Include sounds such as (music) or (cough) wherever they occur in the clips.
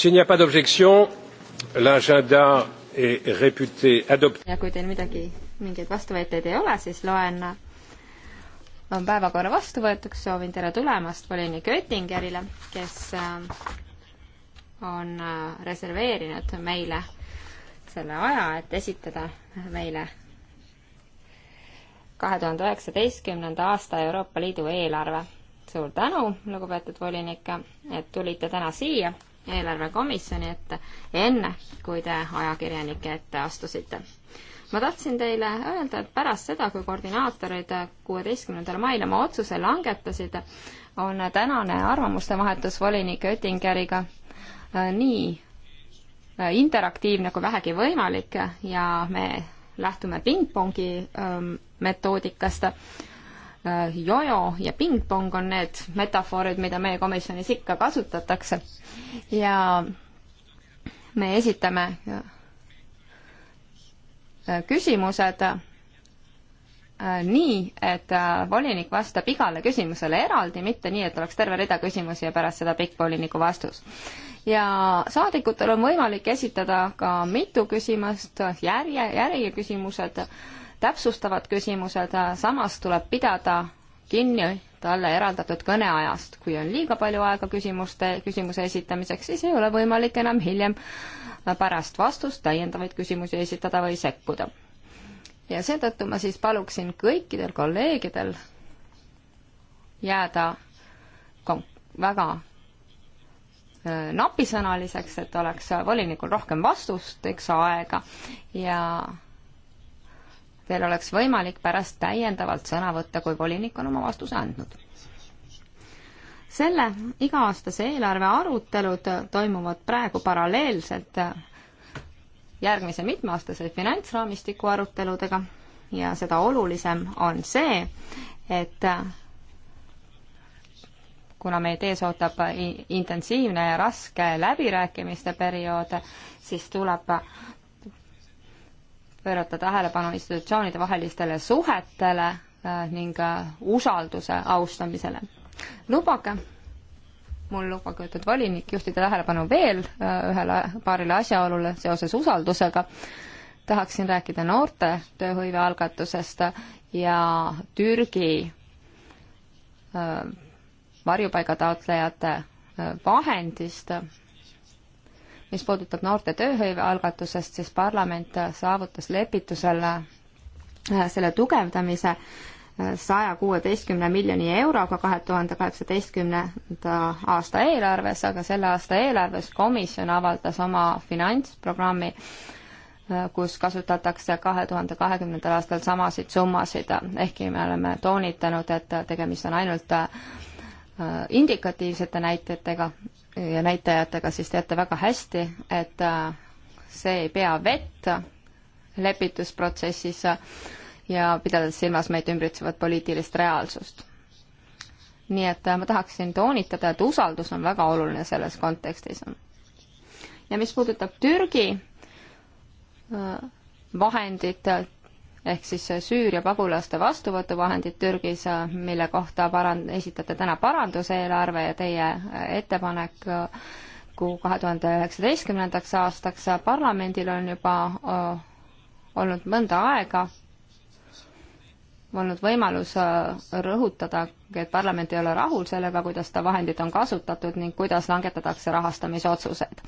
s'il n'y a pas d'objection, l'agenda est réputé adopté. ja kui teil midagi, mingeid vastuväiteid ei ole, siis loen, on päevakorra vastu võetuks, soovin tere tulemast volinik Oettingerile, kes äh, on äh, reserveerinud meile selle aja, et esitada meile kahe tuhande üheksateistkümnenda aasta Euroopa Liidu eelarve. suur tänu, lugupeetud volinik, et tulite täna siia eelarvekomisjoni ette, enne kui te ajakirjanike ette astusite ma tahtsin teile öelda, et pärast seda, kui koordinaatorid kuueteistkümnendal mail oma otsuse langetasid, on tänane arvamuste vahetus volinik Oettingeriga äh, nii äh, interaktiivne kui vähegi võimalik ja me lähtume pingpongi ähm, metoodikast Äh, jojo ja pingpong on need metafoorid, mida meie komisjonis ikka kasutatakse. ja me esitame äh, küsimused äh, nii, et volinik vastab igale küsimusele eraldi, mitte nii, et oleks terve rida küsimusi ja pärast seda pikk voliniku vastus. ja saadikutel on võimalik esitada ka mitu küsimust, järje, järjeküsimused täpsustavad küsimused, samas tuleb pidada kinni talle eraldatud kõneajast. kui on liiga palju aega küsimuste, küsimuse esitamiseks, siis ei ole võimalik enam hiljem pärast vastust täiendavaid küsimusi esitada või sekkuda. ja seetõttu ma siis paluksin kõikidel kolleegidel jääda väga napisõnaliseks, et oleks volinikul rohkem vastusteks aega ja Teil oleks võimalik pärast täiendavalt sõna võtta, kui volinik on oma vastuse andnud. selle iga-aastase eelarve arutelud toimuvad praegu paralleelselt järgmise mitmeaastase finantsraamistiku aruteludega ja seda olulisem on see, et kuna meid ees ootab intensiivne ja raske läbirääkimiste periood, siis tuleb pöörata tähelepanu institutsioonide vahelistele suhetele äh, ning äh, usalduse austamisele. lubage, mul lubatud volinik, juhtida tähelepanu veel äh, ühele paarile asjaolule seoses usaldusega. tahaksin rääkida noorte tööhõive algatusest ja Türgi varjupaigataotlejate vahendist mis puudutab noorte tööhõive algatusest, siis parlament saavutas lepitusel äh, selle tugevdamise äh, saja kuueteistkümne miljoni euroga kahe tuhande kaheksateistkümnenda aasta eelarves, aga selle aasta eelarves komisjon avaldas oma finantsprogrammi, äh, kus kasutatakse kahe tuhande kahekümnendal aastal samasid summasid, ehkki me oleme toonitanud, et tegemist on ainult indikatiivsete näitajatega ja näitajatega, siis teate väga hästi, et äh, see ei pea vett lepitusprotsessis äh, ja pidades silmas meid ümbritsevat poliitilist reaalsust. nii et äh, ma tahaksin toonitada, et usaldus on väga oluline selles kontekstis. ja mis puudutab Türgi vahendit, ehk siis Süüria pagulaste vastuvõtuvahendid Türgis, mille kohta paran-, esitate täna paranduseelarve ja teie ettepanek kahe tuhande üheksateistkümnendaks aastaks parlamendil on juba olnud mõnda aega olnud võimalus rõhutada, et parlament ei ole rahul sellega, kuidas seda vahendit on kasutatud ning kuidas langetatakse rahastamisotsuseid.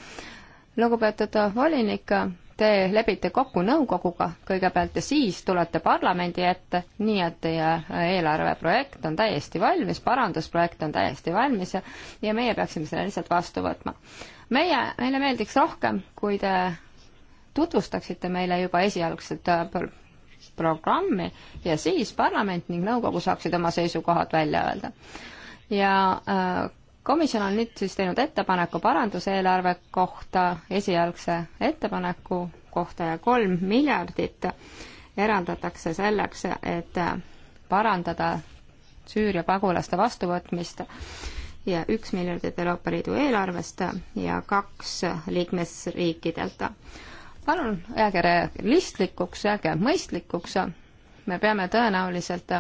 lugupeetud volinik, te lepite kokku nõukoguga kõigepealt ja siis tulete parlamendi ette, nii et teie eelarveprojekt on täiesti valmis, parandusprojekt on täiesti valmis ja, ja meie peaksime selle lihtsalt vastu võtma. meie, meile meeldiks rohkem, kui te tutvustaksite meile juba esialgset äh, programmi ja siis parlament ning nõukogu saaksid oma seisukohad välja öelda. ja äh, komisjon on nüüd siis teinud ettepaneku paranduseelarve kohta, esialgse ettepaneku kohta ja kolm miljardit eraldatakse selleks, et parandada Süüria pagulaste vastuvõtmist ja üks miljardit Euroopa Liidu eelarvest ja kaks liikmesriikidelt. palun jääge realistlikuks, jääge mõistlikuks, me peame tõenäoliselt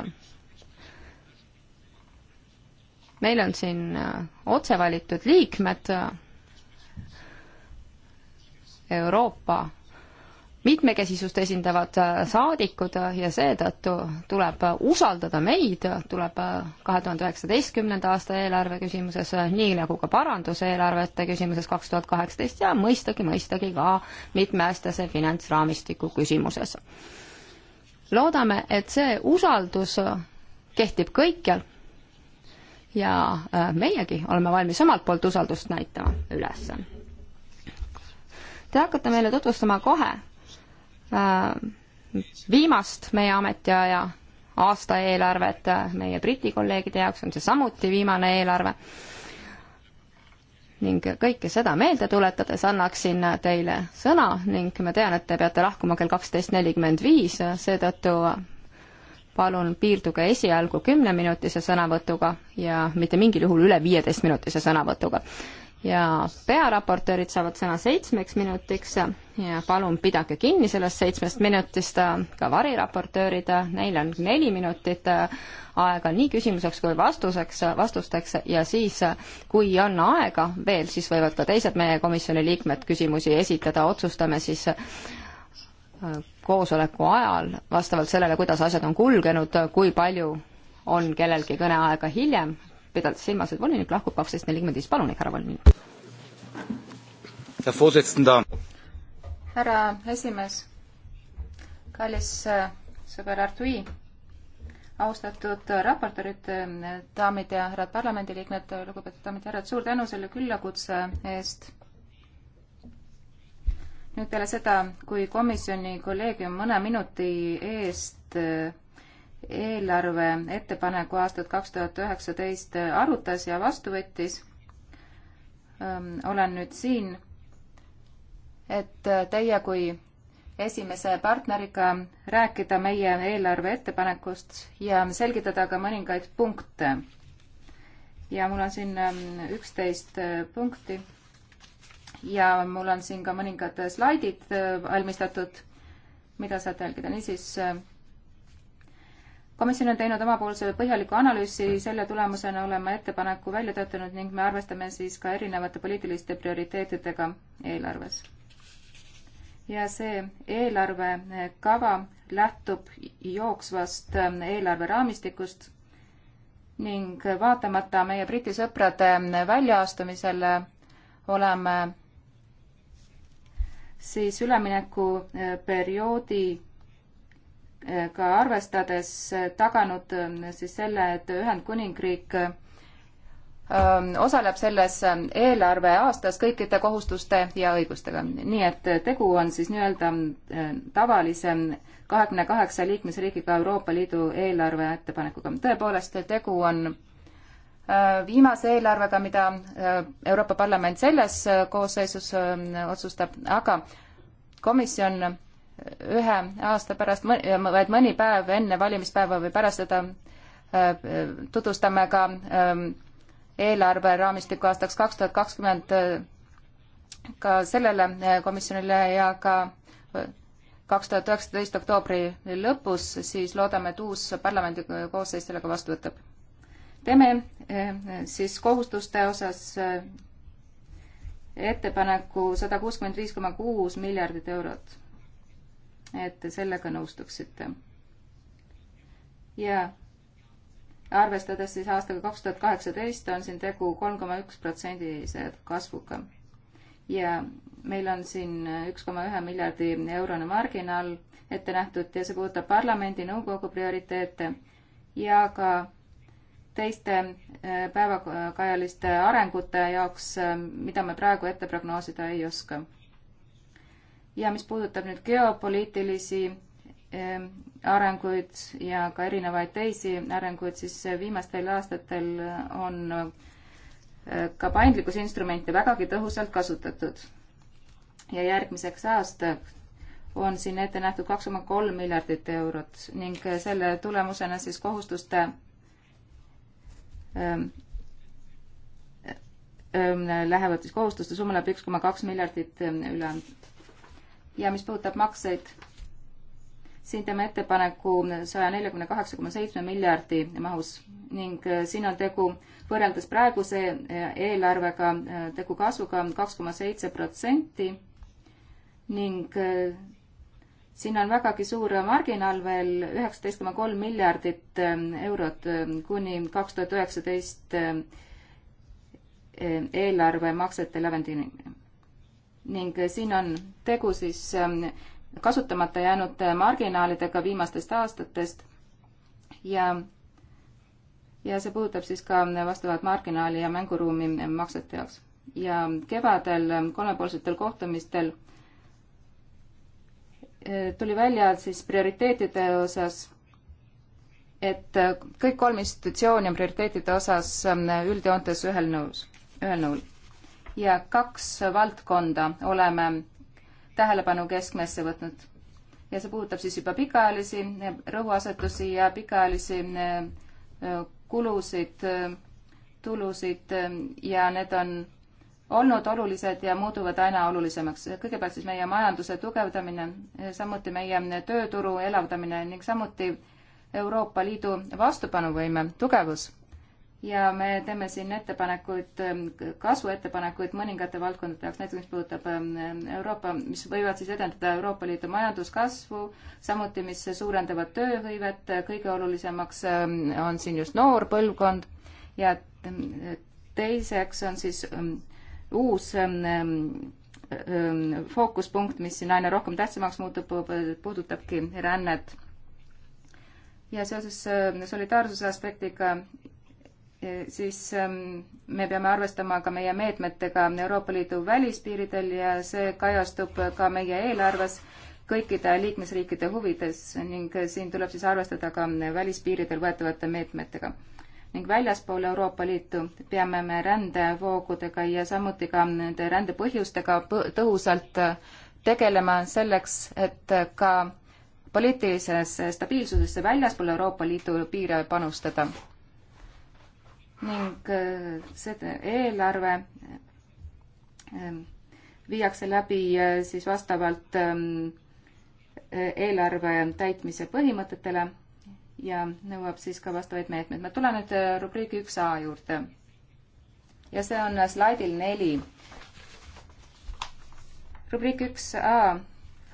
meil on siin äh, otse valitud liikmed äh, Euroopa mitmekesisust esindavad äh, saadikud ja seetõttu tuleb usaldada meid, tuleb kahe tuhande üheksateistkümnenda aasta eelarve küsimuses, nii nagu ka paranduseelarvete küsimuses kaks tuhat kaheksateist ja mõistagi, mõistagi ka mitmeaastase finantsraamistiku küsimuses. loodame, et see usaldus kehtib kõikjal ja äh, meiegi oleme valmis omalt poolt usaldust näitama üles. Te hakkate meile tutvustama kohe äh, viimast meie ametiaja aastaeelarvet, meie Briti kolleegide jaoks on see samuti viimane eelarve. ning kõike seda meelde tuletades annaksin teile sõna ning ma tean, et te peate lahkuma kell kaksteist nelikümmend viis, seetõttu palun piirduge esialgu kümneminutise sõnavõtuga ja mitte mingil juhul üle viieteistminutise sõnavõtuga. ja pearaportöörid saavad sõna seitsmeks minutiks ja palun pidage kinni sellest seitsmest minutist, ka variraportöörid, neil on neli minutit aega nii küsimuseks kui vastuseks, vastusteks ja siis, kui on aega veel, siis võivad ka teised meie komisjoni liikmed küsimusi esitada, otsustame siis koosoleku ajal, vastavalt sellele, kuidas asjad on kulgenud, kui palju on kellelgi kõneaega hiljem, pidades silmas, et volinik lahkub kaksteist nelikümmend viis, palun, härra volinik. härra esimees, kallis äh, sõber Artui, austatud äh, raportöörid, äh, daamid ja härrad parlamendiliikmed, lugupeetud daamid ja härrad, suur tänu selle küllakutse eest nüüd peale seda, kui komisjoni kolleegium mõne minuti eest äh, eelarve ettepaneku aastat kaks tuhat üheksateist äh, arutas ja vastu võttis, ähm, olen nüüd siin, et äh, teie kui esimese partneriga rääkida meie eelarve ettepanekust ja selgitada ka mõningaid punkte. ja mul on siin ähm, üksteist punkti ja mul on siin ka mõningad slaidid äh, valmistatud, mida saate jälgida. niisiis, äh, komisjon on teinud omapoolse põhjaliku analüüsi, selle tulemusena oleme ettepaneku välja töötanud ning me arvestame siis ka erinevate poliitiliste prioriteetidega eelarves. ja see eelarvekava äh, lähtub jooksvast eelarveraamistikust ning vaatamata meie Briti sõprade väljaastumisele oleme siis üleminekuperioodi äh, äh, ka arvestades äh, taganud siis selle, et Ühendkuningriik ähm, osaleb selles eelarveaastas kõikide kohustuste ja õigustega. nii et tegu on siis nii-öelda tavalise kahekümne kaheksa liikmesriigiga Euroopa Liidu eelarve ettepanekuga. tõepoolest, tegu on viimase eelarvega, mida äh, Euroopa Parlament selles äh, koosseisus äh, otsustab, aga komisjon ühe aasta pärast, vaid mõni päev enne valimispäeva või pärast seda tutvustame ka eelarve raamistiku aastaks kaks tuhat kakskümmend ka sellele komisjonile ja ka kaks tuhat üheksateist oktoobri lõpus, siis loodame, et uus parlamendi koosseis selle ka vastu võtab teeme eh, siis kohustuste osas eh, ettepaneku sada kuuskümmend viis koma kuus miljardit eurot. et sellega nõustuksite. ja arvestades siis aastaga kaks tuhat kaheksateist on siin tegu kolm koma üks protsendilise kasvuga. ja meil on siin üks koma ühe miljardi eurone marginaal ette nähtud ja see puudutab parlamendi, nõukogu prioriteete ja ka teiste äh, päevakajaliste arengute jaoks, äh, mida me praegu ette prognoosida ei oska. ja mis puudutab nüüd geopoliitilisi ähm, arenguid ja ka erinevaid teisi arenguid, siis äh, viimastel aastatel on ka paindlikkusinstrumente vägagi tõhusalt kasutatud. ja järgmiseks aastaks on siin ette nähtud kaks koma kolm miljardit eurot ning selle tulemusena siis kohustuste Ehm, ehm, lähevad siis kohustuste summa läheb üks koma kaks miljardit ehm, üle. ja mis puudutab makseid, siin teeme ettepaneku saja neljakümne kaheksa koma seitsme miljardi mahus ning siin on tegu võrreldes praeguse eelarvega tegu kasvuga kaks koma seitse protsenti ning siin on vägagi suur marginaal veel, üheksateist koma kolm miljardit ähm, eurot ähm, kuni kaks tuhat üheksateist ähm, äh, eelarve maksete lävendini. ning äh, siin on tegu siis kasutamata jäänud äh, marginaalidega viimastest aastatest ja, ja see puudutab siis ka vastavat marginaali ja mänguruumi maksete jaoks. ja kevadel kolmepoolsetel kohtumistel Äh, tuli välja siis prioriteetide osas, et äh, kõik kolm institutsiooni on prioriteetide osas ähm, üldjoontes ühel nõus, ühel nõul. ja kaks valdkonda oleme tähelepanu keskmesse võtnud ja see puudutab siis juba pikaajalisi äh, rõhuasetusi ja pikaajalisi kulusid, tulusid ja need on olnud olulised ja muutuvad aina olulisemaks. kõigepealt siis meie majanduse tugevdamine, samuti meie tööturu elavdamine ning samuti Euroopa Liidu vastupanuvõime tugevus. ja me teeme siin ettepanekuid, kasvuettepanekuid mõningate valdkondade jaoks, näiteks mis puudutab ähm, Euroopa, mis võivad siis edendada Euroopa Liidu majanduskasvu, samuti mis suurendavad tööhõivet, kõige olulisemaks ähm, on siin just noor põlvkond ja ähm, teiseks on siis uus ähm, ähm, fookuspunkt, mis siin aina rohkem tähtsamaks muutub, puudutabki rännet. ja seoses ähm, solidaarsuse aspektiga e, siis me peame arvestama ka meie meetmetega Euroopa Liidu välispiiridel ja see kajastub ka meie eelarves kõikide liikmesriikide huvides ning äh, siin tuleb siis arvestada ka äh, välispiiridel võetavate meetmetega ning väljaspool Euroopa Liitu peame me rändevoogudega ja samuti ka nende rändepõhjustega tõhusalt äh, tegelema selleks, et äh, ka poliitilisesse stabiilsusesse väljaspool Euroopa Liidu piire panustada. ning äh, see eelarve viiakse läbi siis vastavalt ähm, eelarve täitmise põhimõtetele ja nõuab siis ka vastavaid meetmeid. ma tulen nüüd äh, rubriigi üks A juurde. ja see on äh, slaidil neli. rubriik üks A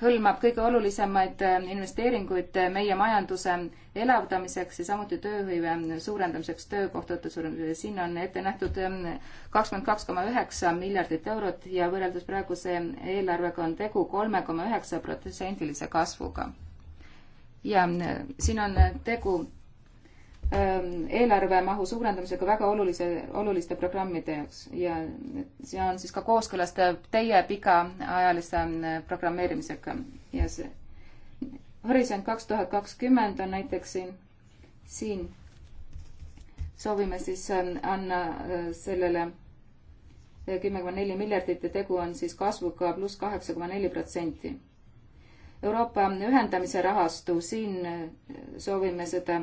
hõlmab kõige olulisemaid äh, investeeringuid meie majanduse elavdamiseks ja samuti tööhõive suurendamiseks, töökohtade suurendamiseks. siin on ette nähtud kakskümmend kaks koma üheksa miljardit eurot ja võrreldes praeguse eelarvega on tegu kolme koma üheksa protsendilise kasvuga ja äh, siin on äh, tegu ähm, eelarve mahu suurendamisega väga olulise, oluliste programmide jaoks ja see on siis ka kooskõlas teie pikaajalise ähm, programmeerimisega ja see Horisont kaks tuhat kakskümmend on näiteks siin, siin soovime siis ähm, anna äh, sellele kümme koma neli miljardit ja tegu on siis kasvuga pluss kaheksa koma neli protsenti Euroopa ühendamise rahastu, siin äh, soovime seda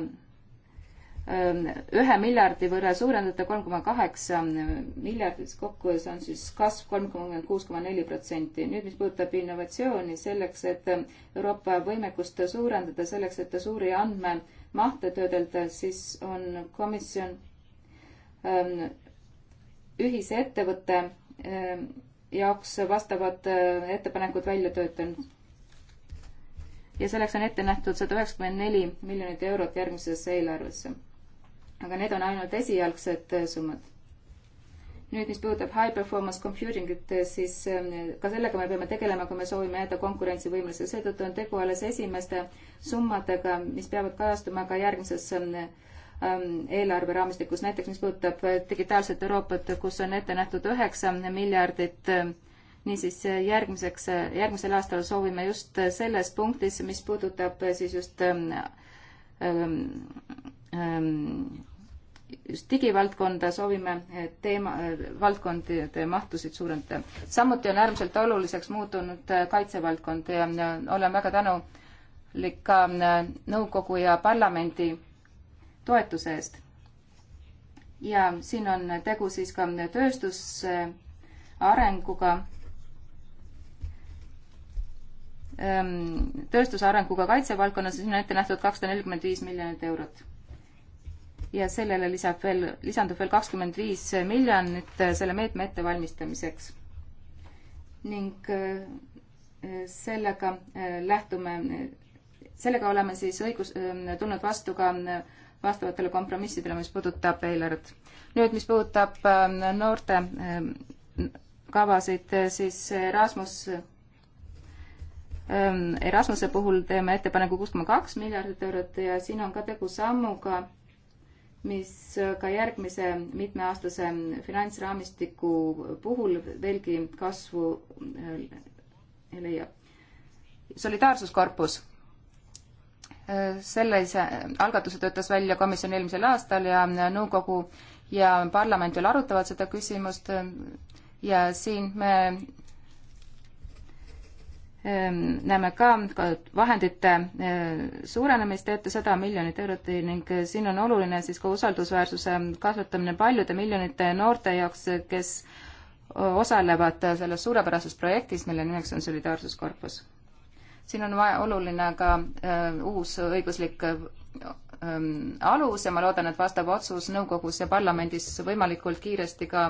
ähm, ühe miljardi võrra suurendada kolm koma kaheksa miljardit kokku ja see on siis kasv kolm koma kuus koma neli protsenti. nüüd, mis puudutab innovatsiooni, selleks, et äh, Euroopa võimekust suurendada, selleks, et suuri andmemahte töödelda, siis on komisjon ähm, ühise ettevõtte ähm, jaoks vastavad äh, ettepanekud välja töötanud ja selleks on ette nähtud sada üheksakümmend neli miljonit eurot järgmisesse eelarvesse. aga need on ainult esialgsed äh, summad. nüüd, mis puudutab high performance computing ut, äh, siis ähm, ka sellega me peame tegelema, kui me soovime jääda konkurentsivõimeliseks, seetõttu on tegu alles esimeste summadega, mis peavad kajastuma ka järgmises ähm, ähm, eelarveraamistikus, näiteks mis puudutab äh, digitaalset Euroopat, kus on ette nähtud üheksa miljardit niisiis järgmiseks, järgmisel aastal soovime just selles punktis, mis puudutab siis just ähm, ähm, ähm, just digivaldkonda soovime teema, valdkondade mahtusid suurendada. samuti on äärmiselt oluliseks muutunud äh, kaitsevaldkond ja olen väga tänulik ka äh, nõukogu ja parlamendi toetuse eest. ja siin on tegu siis ka tööstuse arenguga Ähm, tööstuse arenguga kaitsevaldkonnas, siis on ette nähtud kakssada nelikümmend viis miljonit eurot. ja sellele lisab veel, lisandub veel kakskümmend viis miljonit äh, selle meetme ettevalmistamiseks. ning äh, äh, sellega lähtume, sellega oleme siis õigus, ähm, tulnud vastu ka vastavatele kompromissidele, mis puudutab eelarvet. nüüd, mis puudutab ähm, noorte kavasid, siis Rasmus Ähm, Erasmuse puhul teeme ettepaneku kuus koma kaks miljardit eurot ja siin on ka tegu sammuga, mis ka järgmise mitmeaastase finantsraamistiku puhul veelgi kasvu äh, leiab. solidaarsuskorpus. Äh, sellise algatuse töötas välja komisjon eelmisel aastal ja nõukogu ja parlament veel arutavad seda küsimust ja siin me Ehm, näeme ka, ka vahendite ehm, suurenemist ette sada miljonit eurot ning eh, siin on oluline siis ka usaldusväärsuse kasvatamine paljude miljonite noorte jaoks, kes osalevad eh, selles suurepärases projektis, mille nimeks on Solidaarsuskorpus. siin on vaja, oluline ka eh, uus õiguslik Ähm, alus ja ma loodan, et vastav otsus nõukogus ja parlamendis võimalikult kiiresti ka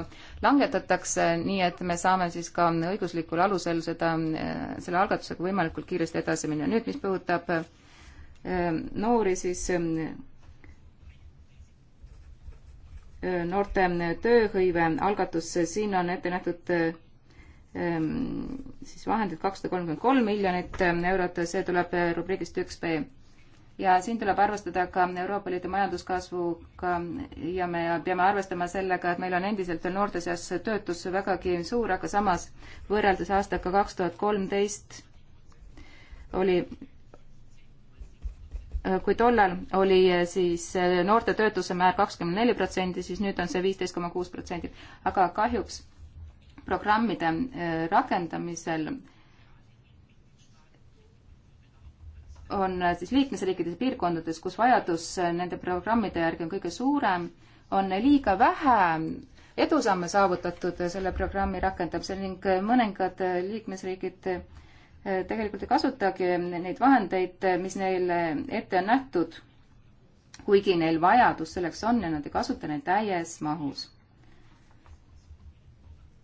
langetatakse, nii et me saame siis ka õiguslikul alusel seda, äh, selle algatusega võimalikult kiiresti edasi minna. nüüd, mis puudutab ähm, noori, siis ähm, äh, noorte tööhõive algatus, siin on ette nähtud siis vahendid kakssada kolmkümmend kolm miljonit eurot, see tuleb rubriigist üks B ja siin tuleb arvestada ka Euroopa Liidu majanduskasvuga ja me peame arvestama sellega, et meil on endiselt veel noorte seas töötus vägagi suur, aga samas võrreldes aastaga kaks tuhat kolmteist oli kui tollal oli eh, siis eh, noorte töötuse määr kakskümmend neli protsenti, siis nüüd on see viisteist koma kuus protsenti. aga kahjuks programmide eh, rakendamisel on siis liikmesriikides ja piirkondades, kus vajadus nende programmide järgi on kõige suurem, on liiga vähe edusamme saavutatud selle programmi rakendamisel ning mõningad liikmesriigid eh, tegelikult ei kasutagi neid vahendeid, mis neile ette on nähtud, kuigi neil vajadus selleks on ja nad ei kasuta neid täies mahus.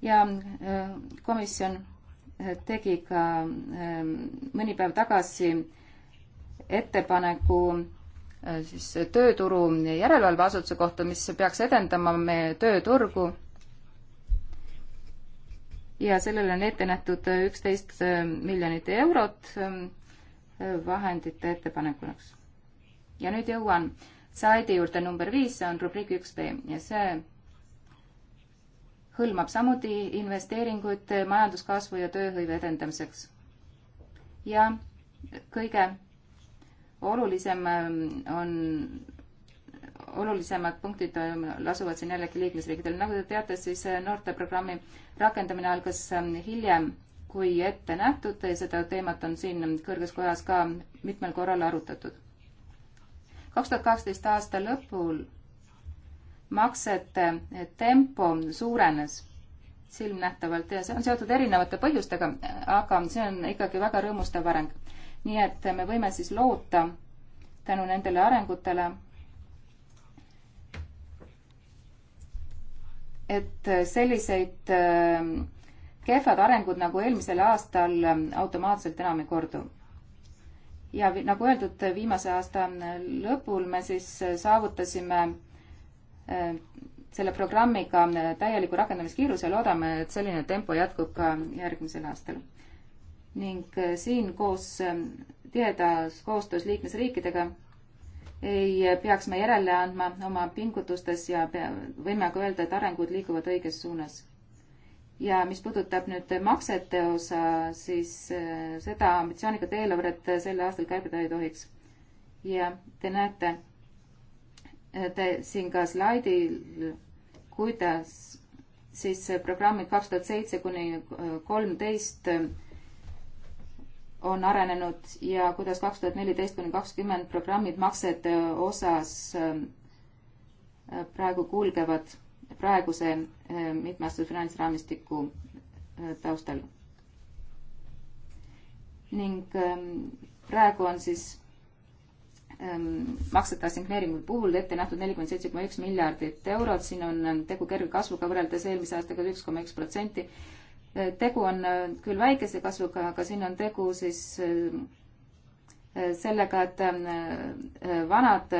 ja eh, komisjon eh, tegi ka mõni päev tagasi ettepaneku äh, siis tööturu järelevalveasutuse kohta, mis peaks edendama meie tööturgu. ja sellele on ette nähtud üksteist äh, miljonit eurot ähm, vahendite ettepanekuks. ja nüüd jõuan slaidi juurde number viis, see on rubriik üks B ja see hõlmab samuti investeeringuid majanduskasvu ja tööhõive edendamiseks. ja kõige olulisem ähm, on olulisemad punktid ähm, lasuvad siin jällegi liikmesriikidel. nagu te teate, siis äh, noorteprogrammi rakendamine algas ähm, hiljem kui ette nähtud ja seda teemat on siin kõrges kojas ka mitmel korral arutatud. kaks tuhat kaksteist aasta lõpul maksete äh, tempo suurenes silmnähtavalt ja see on seotud erinevate põhjustega, aga see on ikkagi väga rõõmustav areng nii et me võime siis loota tänu nendele arengutele, et selliseid ähm, kehvad arengud nagu eelmisel aastal ähm, automaatselt enam ei kordu. ja nagu öeldud, viimase aasta ähm, lõpul me siis äh, saavutasime äh, selle programmiga äh, täieliku rakendamiskiiruse ja loodame, et selline tempo jätkub ka järgmisel aastal ning äh, siin koos ähm, tihedas koostöös liikmesriikidega ei äh, peaks me järele andma oma pingutustes ja pea, võime ka öelda, et arengud liiguvad õiges suunas. ja mis puudutab nüüd maksete osa, siis äh, seda ambitsioonikat eelarvet sel aastal kärbida ei tohiks. ja te näete te siin ka slaidil, kuidas siis programmid kaks tuhat seitse kuni kolmteist on arenenud ja kuidas kaks tuhat neliteist kuni kakskümmend programmid maksete osas ähm, äh, praegu kulgevad praeguse äh, mitmeaastase finantsraamistiku äh, taustal. ning ähm, praegu on siis ähm, maksete assigneeringu puhul ette nähtud nelikümmend seitse koma üks miljardit eurot, siin on tegu kerge kasvuga võrreldes eelmise aastaga üks koma üks protsenti tegu on äh, küll väikese kasvuga, aga siin on tegu siis äh, äh, sellega, et vanad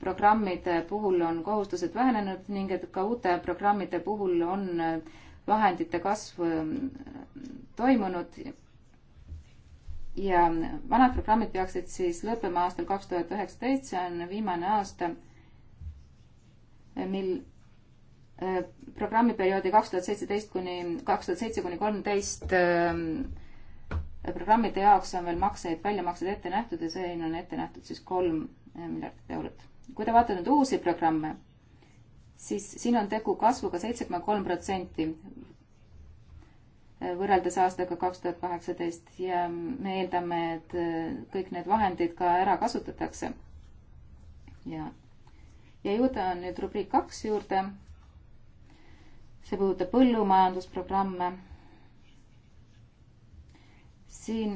programmide puhul on kohustused vähenenud ning et ka uute programmide puhul on vahendite kasv toimunud. ja vanad programmid peaksid siis lõppema aastal kaks tuhat üheksateist, see on viimane aasta, mil programmiperioodi kaks tuhat seitseteist kuni, kaks tuhat seitse kuni kolmteist ähm, programmide jaoks on veel makseid, väljamaksed ette nähtud ja siin on ette nähtud siis kolm äh, miljardit eurot. kui te vaatate nüüd uusi programme, siis siin on tegu kasvuga seitse koma kolm protsenti äh, võrreldes aastaga kaks tuhat kaheksateist ja me eeldame, et äh, kõik need vahendid ka ära kasutatakse. ja, ja ju ta on nüüd rubriik kaks juurde see puudutab põllumajandusprogramme. siin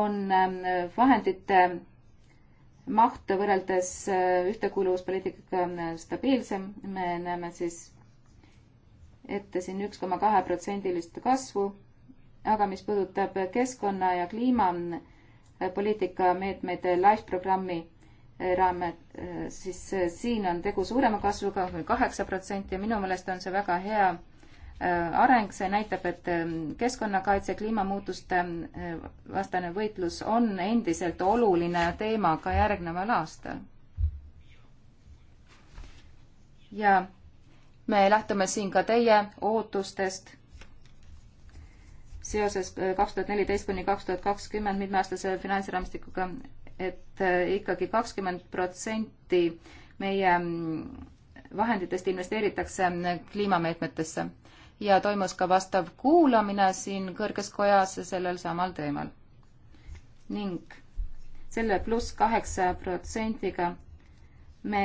on ähm, vahendite maht võrreldes äh, ühtekuuluvuspoliitikaga äh, stabiilsem, me näeme siis ette siin üks koma kahe protsendilist kasvu, aga mis puudutab keskkonna ja kliimapoliitika meetmeid LIFE programmi raamet, siis siin on tegu suurema kasvuga, kaheksa protsenti ja minu meelest on see väga hea äh, areng, see näitab, et ähm, keskkonnakaitse, kliimamuutuste äh, vastane võitlus on endiselt oluline teema ka järgneval aastal. ja me lähtume siin ka teie ootustest seoses äh, kaks tuhat neliteist kuni kaks tuhat kakskümmend mitmeaastase finantsraamistikuga et äh, ikkagi kakskümmend protsenti meie mm, vahenditest investeeritakse mm, kliimameetmetesse ja toimus ka vastav kuulamine siin kõrges kojas sellel samal teemal. ning selle pluss kaheksa protsendiga me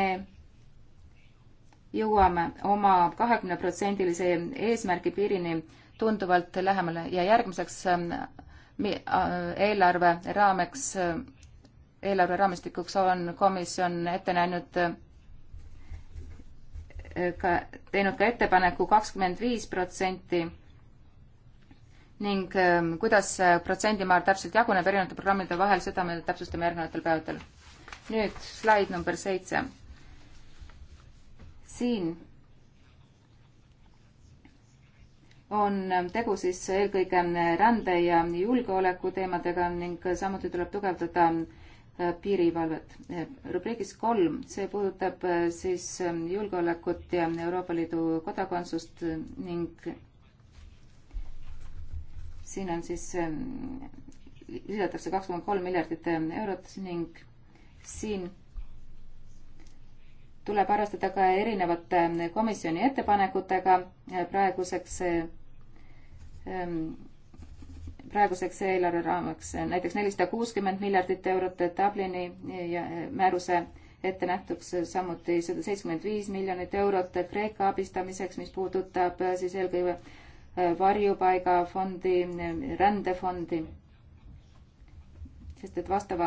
jõuame oma kahekümneprotsendilise eesmärgi piirini tunduvalt lähemale ja järgmiseks mm, äh, eelarve raameks eelarveraamistikuks on komisjon ette näinud eh, ka, teinud ka ettepaneku kakskümmend viis protsenti ning eh, kuidas see protsendimäär täpselt jaguneb erinevate programmide vahel, seda me täpsustame järgnevatel päevadel. nüüd slaid number seitse. siin on tegu siis eelkõige rände ja julgeoleku teemadega ning samuti tuleb tugevdada Äh, piirivalvet. Äh, rubriigis kolm, see puudutab äh, siis ähm, julgeolekut ja Euroopa Liidu kodakondsust ning siin on siis, ähm, lisatakse kaks koma kolm miljardit ähm, eurot ning siin tuleb arvestada ka erinevate komisjoni ettepanekutega praeguseks ähm, praeguseks eelarveraamiks näiteks nelisada kuuskümmend miljardit eurot Dublini eh, määruse ette nähtuks samuti sada seitsekümmend viis miljonit eurot Kreeka abistamiseks, mis puudutab eh, siis eelkõige eh, varjupaigafondi, rändefondi. sest et vastava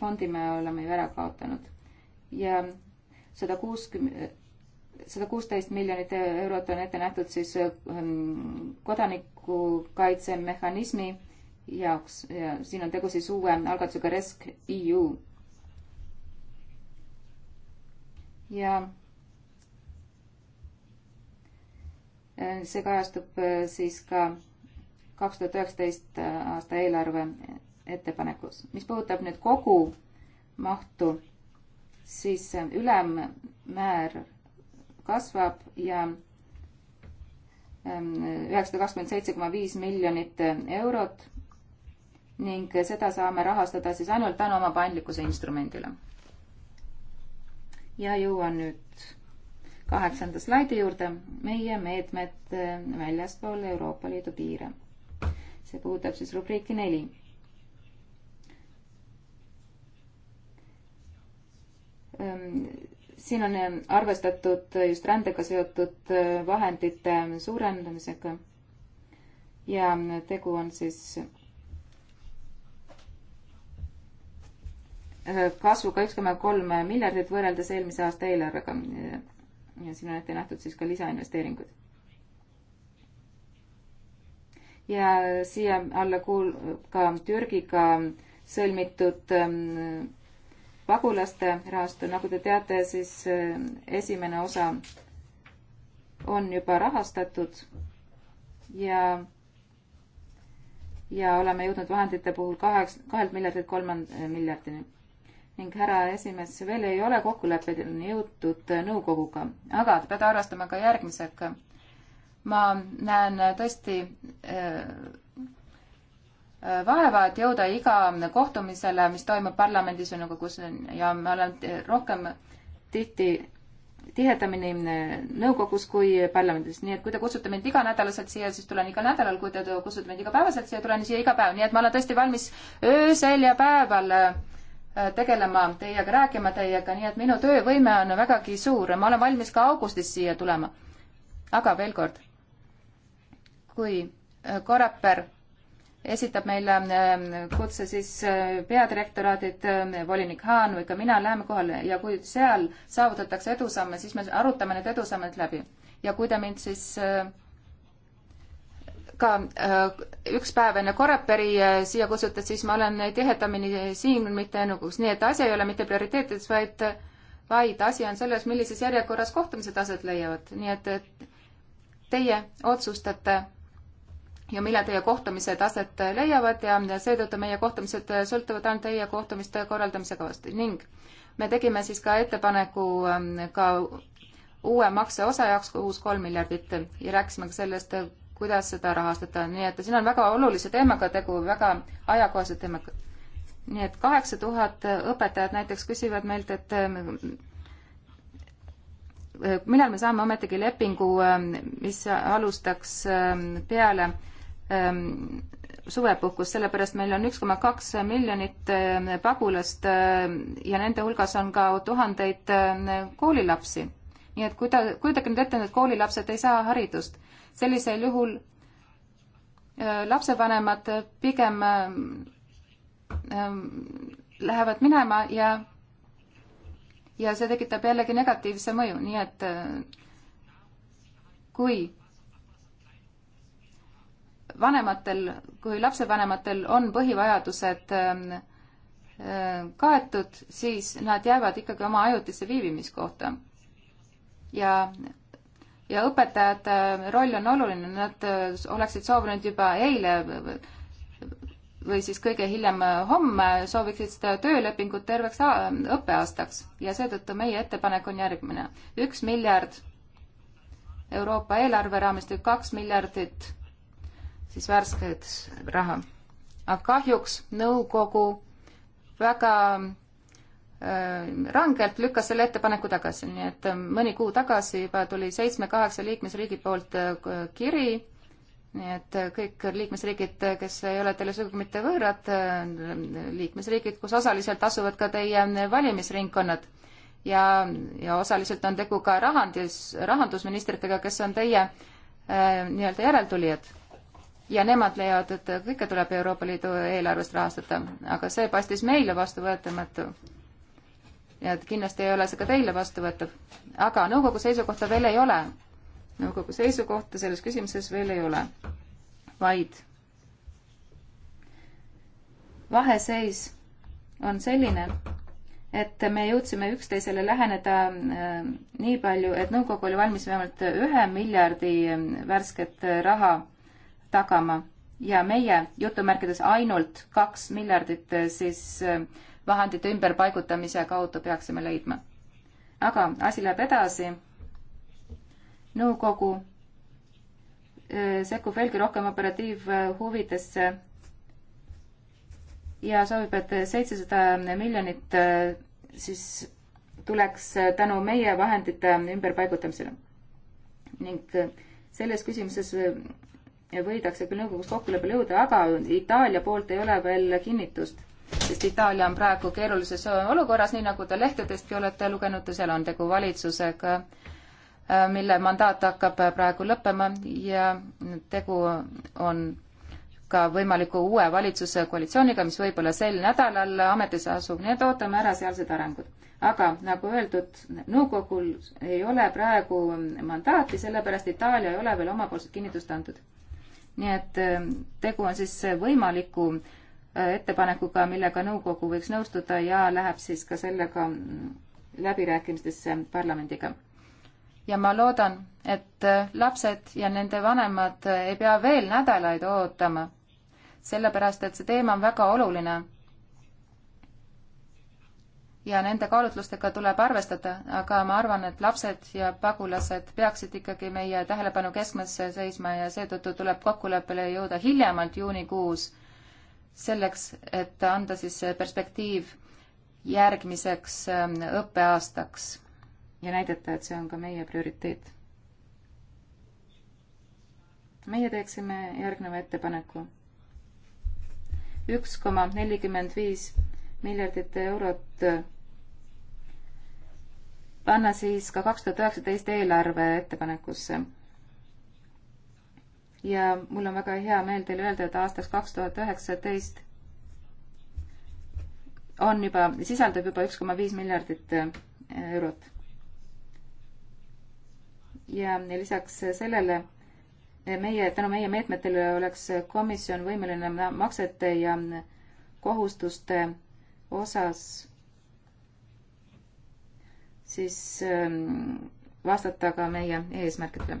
fondi me oleme ju ära kaotanud ja sada kuuskümmend, sada kuusteist miljonit eurot on ette nähtud siis kodanik, kodanikukaitsemehhanismi jaoks ja siin on tegu siis uue algatusega Resk EU. ja see kajastub äh, siis ka kaks tuhat üheksateist äh, aasta eelarve ettepanekus. mis puudutab nüüd kogu mahtu, siis äh, ülemmäär kasvab ja Ähm, üheksasada kakskümmend seitse koma viis miljonit eurot ning seda saame rahastada siis ainult tänu oma paindlikkuse instrumendile. ja jõuan nüüd kaheksanda slaidi juurde, meie meetmed äh, väljaspool Euroopa Liidu piire. see puudutab siis rubriiki neli. Ähm, siin on äh, arvestatud just rändega seotud äh, vahendite suurendamisega ja äh, tegu on siis kasvuga üks koma kolm miljardit võrreldes eelmise aasta eelarvega. ja siin on ette nähtud siis ka lisainvesteeringud. ja siia alla kuul- ka Türgiga sõlmitud ähm, pagulaste rahastu, nagu te teate, siis eh, esimene osa on juba rahastatud ja, ja oleme jõudnud vahendite puhul kaheks, kahelt miljardilt kolmanda eh, miljardini. ning härra esimees, veel ei ole kokkuleppeni jõutud eh, nõukoguga, aga te peate arvestama ka järgmisega. ma näen tõesti äh, vaeva, et jõuda iga kohtumisele, mis toimub parlamendis või nõukogus nagu ja me oleme rohkem tihti, tihedamini nõukogus kui parlamendis, nii et kui te kutsute mind iganädalaselt siia, siis tulen igal nädalal, kui te kutsute mind igapäevaselt siia, tulen siia iga päev, nii et ma olen tõesti valmis öösel ja päeval äh, tegelema teiega, rääkima teiega, nii et minu töövõime on vägagi suur ja ma olen valmis ka augustis siia tulema. aga veel kord, kui äh, Koreper esitab meile ähm, kutse siis äh, peadirektoraadid, ähm, volinik Haan või ka mina läheme kohale ja kui seal saavutatakse edusamme, siis me arutame need edusammed läbi. ja kui te mind siis äh, ka äh, üks päev enne Coreperi siia kutsute, siis ma olen tihedamini siin, mitte nõukogus, nii et asi ei ole mitte prioriteetides, vaid, vaid asi on selles, millises järjekorras kohtumised aset leiavad, nii et, et teie otsustate ja millal teie kohtumised aset leiavad ja seetõttu meie kohtumised sõltuvad ainult teie kohtumiste korraldamise kavast ning me tegime siis ka ettepaneku ähm, ka uue makseosa jaoks kuus kolm miljardit ja rääkisime ka sellest, kuidas seda rahastada, nii et siin on väga olulise teemaga tegu, väga ajakohase teemaga. nii et kaheksa tuhat õpetajat näiteks küsivad meilt, et ähm, millal me saame ometigi lepingu, ähm, mis alustaks peale Ähm, suvepuhkus, sellepärast meil on üks koma kaks miljonit ähm, pagulast ähm, ja nende hulgas on ka tuhandeid koolilapsi. nii et kuida-, kujutage nüüd ette, need koolilapsed ei saa haridust. sellisel juhul äh, lapsevanemad pigem lähevad minema ja, ja see tekitab jällegi negatiivse mõju, nii et äh, kui vanematel kui lapsevanematel on põhivajadused ähm, ähm, kaetud, siis nad jäävad ikkagi oma ajutisse viibimiskohta. ja, ja õpetajate äh, roll on oluline, nad äh, oleksid soovinud juba eile või siis kõige hiljem äh, homme sooviksid seda töölepingut terveks õppeaastaks ja seetõttu meie ettepanek on järgmine. üks miljard Euroopa eelarveraamistik, kaks miljardit siis värsket raha. aga kahjuks nõukogu väga äh, rangelt lükkas selle ettepaneku tagasi, nii et äh, mõni kuu tagasi juba tuli seitsme-kaheksa liikmesriigi poolt äh, kiri, nii et kõik liikmesriigid, kes ei ole teile sugugi mitte võõrad, liikmesriigid, kus osaliselt asuvad ka teie valimisringkonnad ja, ja osaliselt on tegu ka rahandus, rahandusministritega, kes on teie äh, nii-öelda järeltulijad ja nemad leiavad, et kõike tuleb Euroopa Liidu eelarvest rahastada, aga see paistis meile vastuvõetamatu. ja et kindlasti ei ole see ka teile vastuvõetav. aga nõukogu seisukohta veel ei ole. nõukogu seisukohta selles küsimuses veel ei ole, vaid vaheseis on selline, et me jõudsime üksteisele läheneda äh, nii palju, et nõukogu oli valmis vähemalt ühe miljardi äh, värsket äh, raha tagama ja meie jutumärkides ainult kaks miljardit eh, siis eh, vahendite ümberpaigutamise kaudu peaksime leidma. aga asi läheb edasi. nõukogu eh, sekkub veelgi rohkem operatiivhuvidesse ja soovib, et seitsesada miljonit siis tuleks tänu meie vahendite ümberpaigutamisele. ning selles küsimuses võidakse küll nõukogus kokkuleppele jõuda, aga Itaalia poolt ei ole veel kinnitust, sest Itaalia on praegu keerulises olukorras, nii nagu te lehtedestki olete lugenud ja seal on tegu valitsusega, äh, mille mandaat hakkab praegu lõppema ja tegu on ka võimaliku uue valitsuse koalitsiooniga, mis võib-olla sel nädalal ametisse asub, nii et ootame ära sealsed arengud. aga nagu öeldud, nõukogul ei ole praegu mandaati, sellepärast Itaalia ei ole veel omapoolset kinnitust antud nii et äh, tegu on siis äh, võimaliku äh, ettepanekuga, millega nõukogu võiks nõustuda ja läheb siis ka sellega mm, läbirääkimistesse parlamendiga. ja ma loodan, et lapsed ja nende vanemad ei pea veel nädalaid ootama, sellepärast et see teema on väga oluline ja nende kaalutlustega tuleb arvestada, aga ma arvan, et lapsed ja pagulased peaksid ikkagi meie tähelepanu keskmesse seisma ja seetõttu tuleb kokkuleppele jõuda hiljemalt juunikuus, selleks et anda siis perspektiiv järgmiseks ähm, õppeaastaks ja näidata, et see on ka meie prioriteet. meie teeksime järgneva ettepaneku. üks koma nelikümmend viis miljardit eurot panna siis ka kaks tuhat üheksateist eelarve ettepanekusse. ja mul on väga hea meel teile öelda, et aastaks kaks tuhat üheksateist on juba, sisaldab juba üks koma viis miljardit äh, eurot. ja lisaks sellele äh, meie, tänu meie meetmetele oleks komisjon võimeline maksete ja kohustuste osas siis ähm, vastata ka meie eesmärkidele.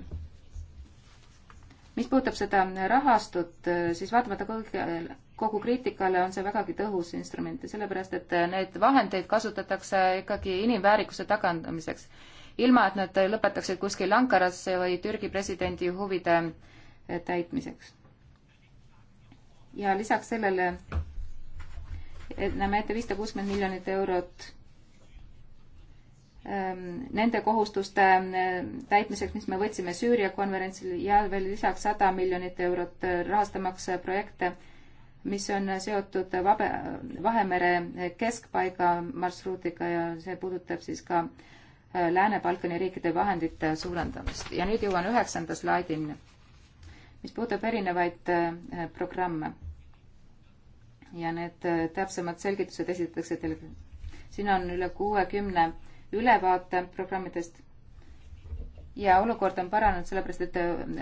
mis puudutab seda rahastut, äh, siis vaatamata kõigele, kogu kriitikale on see vägagi tõhus instrument ja sellepärast, et äh, neid vahendeid kasutatakse ikkagi inimväärikuse tagandamiseks, ilma et nad lõpetaksid kuskil Ankarasse või Türgi presidendi huvide äh, täitmiseks. ja lisaks sellele et näeme ette viissada kuuskümmend miljonit eurot Ähm, nende kohustuste ähm, täitmiseks, mis me võtsime Süüria konverentsil ja veel lisaks sada miljonit eurot äh, rahastamaks äh, projekte, mis on äh, seotud vabe, Vahemere keskpaiga marsruudiga ja see puudutab siis ka Lääne-Balkani riikide vahendite suurendamist. ja nüüd jõuan üheksanda slaidini, mis puudutab erinevaid programme. ja need täpsemad selgitused esitatakse teile. siin on üle kuuekümne 60 ülevaate programmidest ja olukord on paranenud sellepärast, et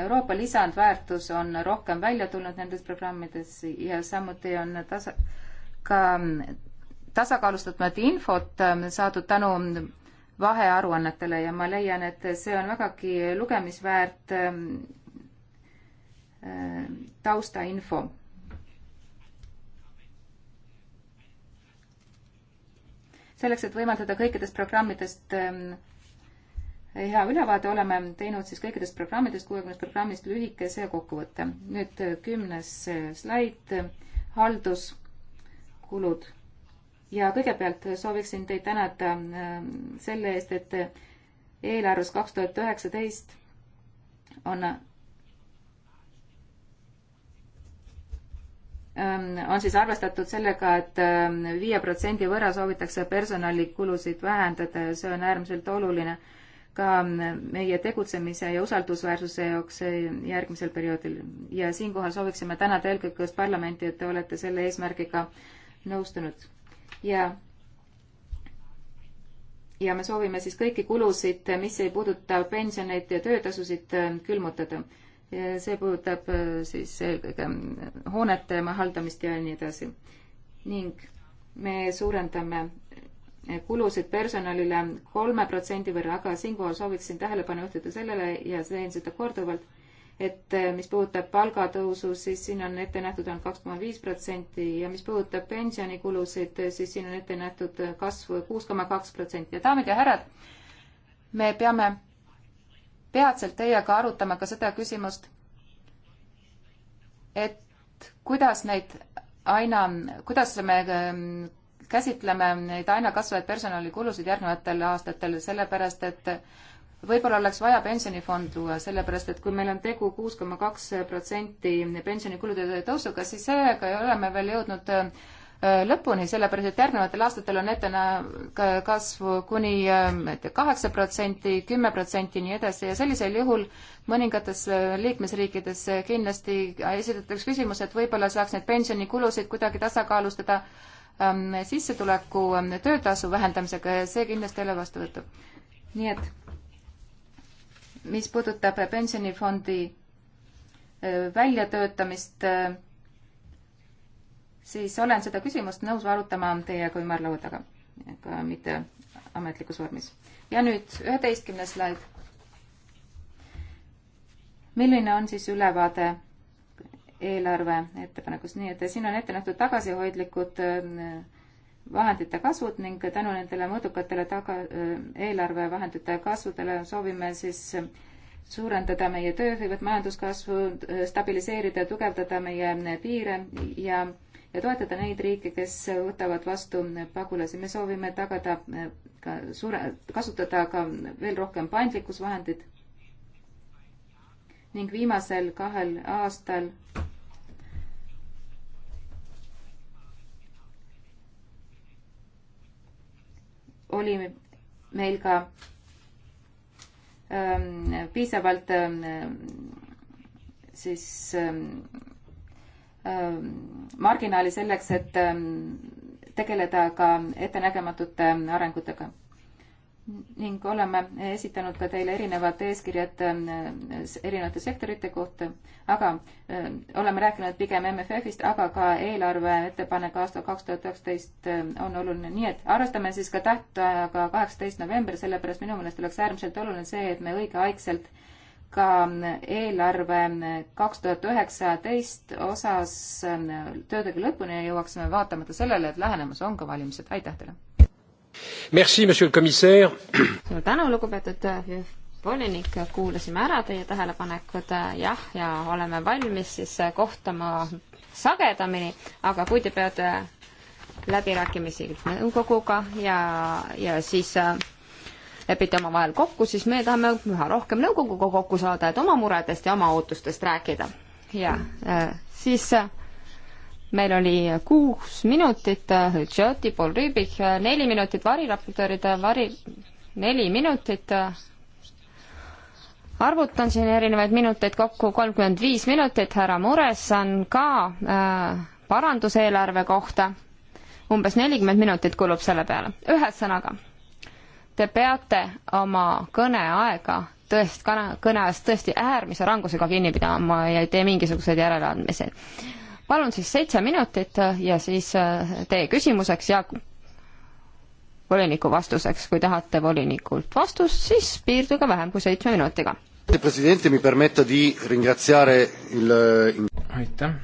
Euroopa lisandväärtus on rohkem välja tulnud nendes programmides ja samuti on tasa, ka tasakaalustatud infot saadud tänu vahearuannetele ja ma leian, et see on vägagi lugemisväärt äh, taustainfo selleks, et võimaldada kõikidest programmidest ähm, hea ülevaade, oleme teinud siis kõikidest programmidest, kuuekümnest programmist lühikese kokkuvõtte. nüüd äh, kümnes äh, slaid, äh, halduskulud. ja kõigepealt sooviksin teid tänada ähm, selle eest, et eelarves kaks tuhat üheksateist on Ähm, on siis arvestatud sellega et, et ähm, viie protsendi võrra soovitakse personalikulusid vähendada ja see on äärmiselt oluline ka ähm, meie tegutsemise ja usaldusväärsuse jaoks äh, järgmisel perioodil. ja siinkohal sooviksime tänada eelkõige just parlamenti, et te olete selle eesmärgiga nõustunud. ja ja me soovime siis kõiki kulusid, mis ei puuduta pensioneid ja töötasusid, äh, külmutada see puudutab äh, siis äh, hoonete haldamist ja nii edasi. ning me suurendame äh, kulusid personalile kolme protsendi võrra, aga siinkohal sooviksin tähelepanu juhtida sellele ja teen seda korduvalt, et mis puudutab palgatõusu, siis siin on ette nähtud ainult kaks koma viis protsenti ja mis puudutab pensionikulusid, siis siin on ette nähtud kasv kuus koma kaks protsenti ja daamid ja härrad, me peame peatselt teiega arutama ka seda küsimust, et kuidas neid aina, kuidas me ähm, käsitleme neid aina kasvavaid personalikulusid järgnevatel aastatel, sellepärast et võib-olla oleks vaja pensionifond luua, sellepärast et kui meil on tegu kuus koma kaks protsenti pensionikulude tõusuga, siis sellega ei ole me veel jõudnud äh, Äh, lõpuni, sellepärast et järgnevatel aastatel on ette näha kasvu kuni äh, kaheksa protsenti, kümme protsenti ja nii edasi ja sellisel juhul mõningates äh, liikmesriikides kindlasti esitatakse küsimus, et võib-olla saaks neid pensionikulusid kuidagi tasakaalustada ähm, sissetuleku ähm, töötasu vähendamisega ja see kindlasti ei ole vastuvõetav. nii et mis puudutab pensionifondi väljatöötamist äh, siis olen seda küsimust nõus arutama teiega ümarlaua taga, aga äh, mitte ametlikus vormis. ja nüüd üheteistkümnes slaid. milline on siis ülevaade eelarve ettepanekust, nii et siin on ette nähtud tagasihoidlikud äh, vahendite kasvud ning tänu nendele mõõdukatele taga, äh, eelarvevahendite kasvudele soovime siis suurendada meie tööhõivet, majanduskasvu, stabiliseerida ja tugevdada meie piire ja ja toetada neid riike, kes võtavad vastu pagulasi. me soovime tagada eh, ka suure, kasutada ka veel rohkem paindlikkusvahendid ning viimasel kahel aastal oli meil ka ähm, piisavalt ähm, siis ähm, Ähm, marginaali selleks, et ähm, tegeleda ka ettenägematute arengutega. ning oleme esitanud ka teile erinevad eeskirjad ähm, erinevate sektorite kohta, aga oleme rääkinud pigem MFF-ist, aga ka eelarve ettepanek aasta kaks tuhat üheksateist on oluline, nii et arvestame siis ka tähtajaga kaheksateist november, sellepärast minu meelest oleks äärmiselt oluline see, et me õigeaegselt äh, ka eelarve kaks tuhat üheksateist osas töödega lõpuni ja jõuaksime vaatamata sellele, et lähenemas on ka valimised, aitäh teile! suur tänu, lugupeetud volinik, kuulasime ära teie tähelepanekud, jah, ja oleme valmis siis kohtuma sagedamini, aga kui te peate läbirääkimisi nõukoguga ja, ja siis äh, lepite omavahel kokku, siis me tahame üha rohkem nõukoguga kokku saada, et oma muredest ja oma ootustest rääkida. ja äh, siis äh, meil oli kuus minutit, Jyoti, äh, Paul Rüübik, neli minutit variraportööride vari, neli minutit arvutan siin erinevaid minuteid kokku, kolmkümmend viis minutit, härra Mures on ka äh, paranduseelarve kohta. umbes nelikümmend minutit kulub selle peale. ühesõnaga, te peate oma kõneaega tõest, kõneajast tõesti äärmise rangusega kinni pidama ja ei tee mingisuguseid järeleandmisi. palun siis seitse minutit ja siis äh, teie küsimuseks ja voliniku vastuseks, kui tahate volinikult vastust, siis piirduge vähem kui seitsme minutiga. aitäh.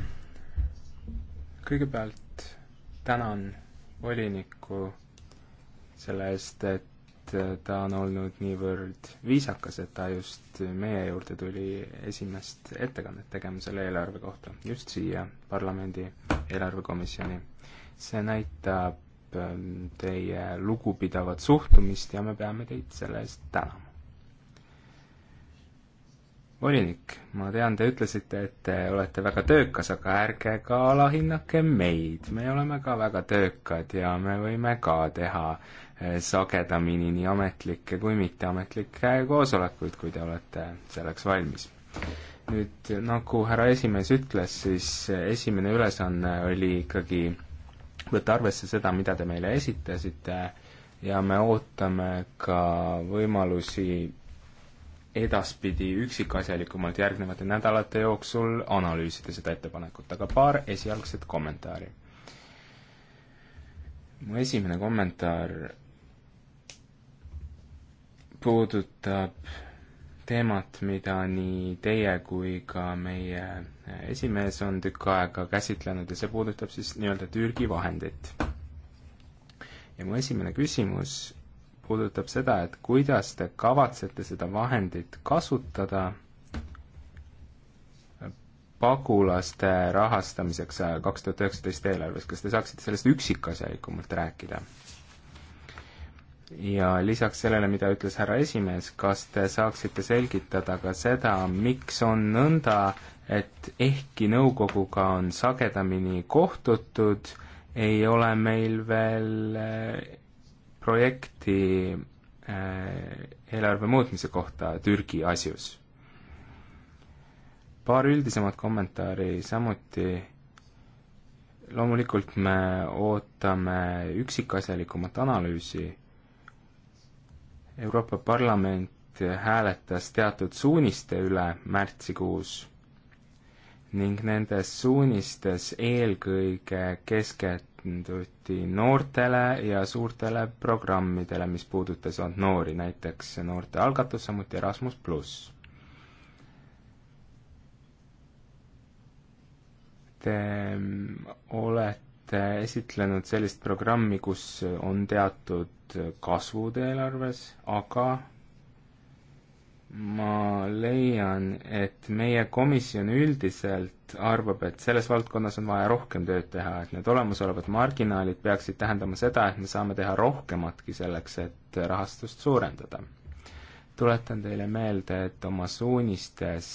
kõigepealt tänan volinikku selle eest, et et äh, ta on olnud niivõrd viisakas, et ta just meie juurde tuli esimest ettekannet tegema selle eelarve kohta, just siia parlamendi eelarvekomisjoni. see näitab ähm, teie lugupidavat suhtumist ja me peame teid selle eest tänama volinik, ma tean, te ütlesite, et te olete väga töökas, aga ärge ka alahinnake meid, me oleme ka väga töökad ja me võime ka teha eh, sagedamini nii ametlikke kui mitteametlikke koosolekuid, kui te olete selleks valmis. nüüd nagu härra esimees ütles, siis eh, esimene ülesanne oli ikkagi võtta arvesse seda, mida te meile esitasite ja me ootame ka võimalusi edaspidi üksikasjalikumalt järgnevate nädalate jooksul analüüsida seda ettepanekut, aga paar esialgset kommentaari. mu esimene kommentaar puudutab teemat, mida nii teie kui ka meie esimees on tükk aega käsitlenud ja see puudutab siis nii-öelda Türgi vahendit. ja mu esimene küsimus puudutab seda, et kuidas te kavatsete seda vahendit kasutada pagulaste rahastamiseks äh, kaks tuhat üheksateist eelarves, kas te saaksite sellest üksikasjalikumalt rääkida? ja lisaks sellele, mida ütles härra esimees, kas te saaksite selgitada ka seda, miks on nõnda, et ehkki nõukoguga on sagedamini kohtutud, ei ole meil veel äh, projekti äh, eelarve muutmise kohta Türgi asjus. paar üldisemat kommentaari samuti, loomulikult me ootame üksikasjalikumat analüüsi, Euroopa Parlament hääletas teatud suuniste üle märtsikuus ning nendes suunistes eelkõige kesket keskenduti noortele ja suurtele programmidele, mis puudutas ainult noori, näiteks noortealgatus, samuti Erasmus pluss. Te olete esitlenud sellist programmi, kus on teatud kasvud eelarves, aga ma leian, et meie komisjon üldiselt arvab, et selles valdkonnas on vaja rohkem tööd teha, et need olemasolevad marginaalid peaksid tähendama seda, et me saame teha rohkematki selleks, et rahastust suurendada. tuletan teile meelde, et oma suunistes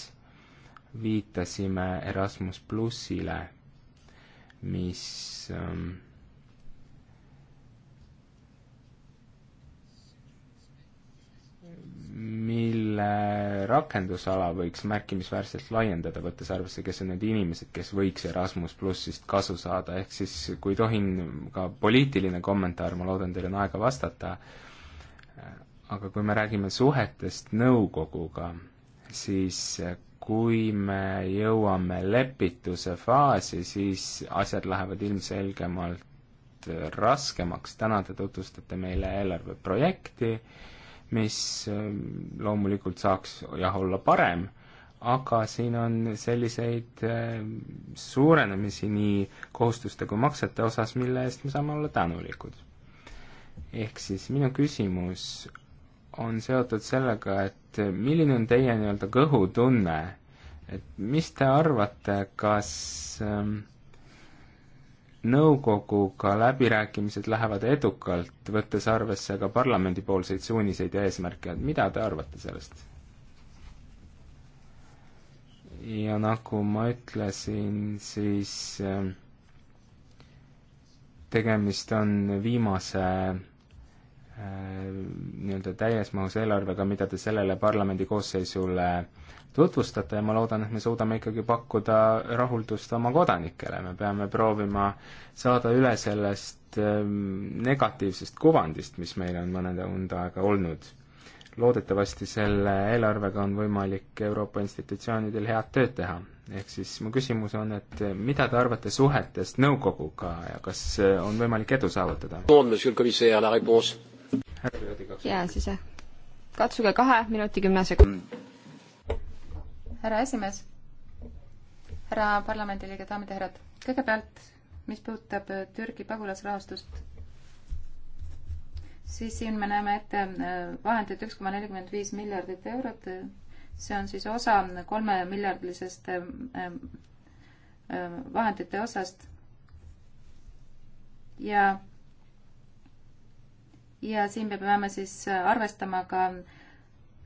viitasime Erasmus plussile, mis ähm, mille rakendusala võiks märkimisväärselt laiendada, võttes arvesse, kes on need inimesed, kes võiks Erasmus plussist kasu saada, ehk siis kui tohin, ka poliitiline kommentaar, ma loodan, teil on aega vastata, aga kui me räägime suhetest nõukoguga, siis kui me jõuame lepituse faasi, siis asjad lähevad ilmselgemalt raskemaks, täna te tutvustate meile eelarveprojekti, mis ähm, loomulikult saaks jah, olla parem, aga siin on selliseid ähm, suurenemisi nii kohustuste kui maksete osas, mille eest me saame olla tänulikud. ehk siis minu küsimus on seotud sellega, et milline on teie nii-öelda kõhutunne, et mis te arvate, kas ähm, nõukoguga läbirääkimised lähevad edukalt, võttes arvesse ka parlamendipoolseid suuniseid ja eesmärke, et mida te arvate sellest? ja nagu ma ütlesin, siis äh, tegemist on viimase äh, nii-öelda täies mahus eelarvega, mida te sellele parlamendi koosseisule tutvustate ja ma loodan, et me suudame ikkagi pakkuda rahuldust oma kodanikele, me peame proovima saada üle sellest ehm, negatiivsest kuvandist, mis meil on mõnda mõnda aega olnud. loodetavasti selle eelarvega on võimalik Euroopa institutsioonidel head tööd teha. ehk siis mu küsimus on, et mida te arvate suhetest nõukoguga ja kas eh, on võimalik edu saavutada? jaa, siis jah. katsuge kahe minuti kümne sekundi härra esimees, härra parlamendiliige, daamid ja härrad. kõigepealt, mis puudutab äh, Türgi pagulasrahastust, siis siin me näeme ette äh, vahendeid üks koma nelikümmend viis miljardit eurot. see on siis osa kolmemiljardilisest äh, vahendite osast. ja, ja siin me peame siis arvestama ka äh,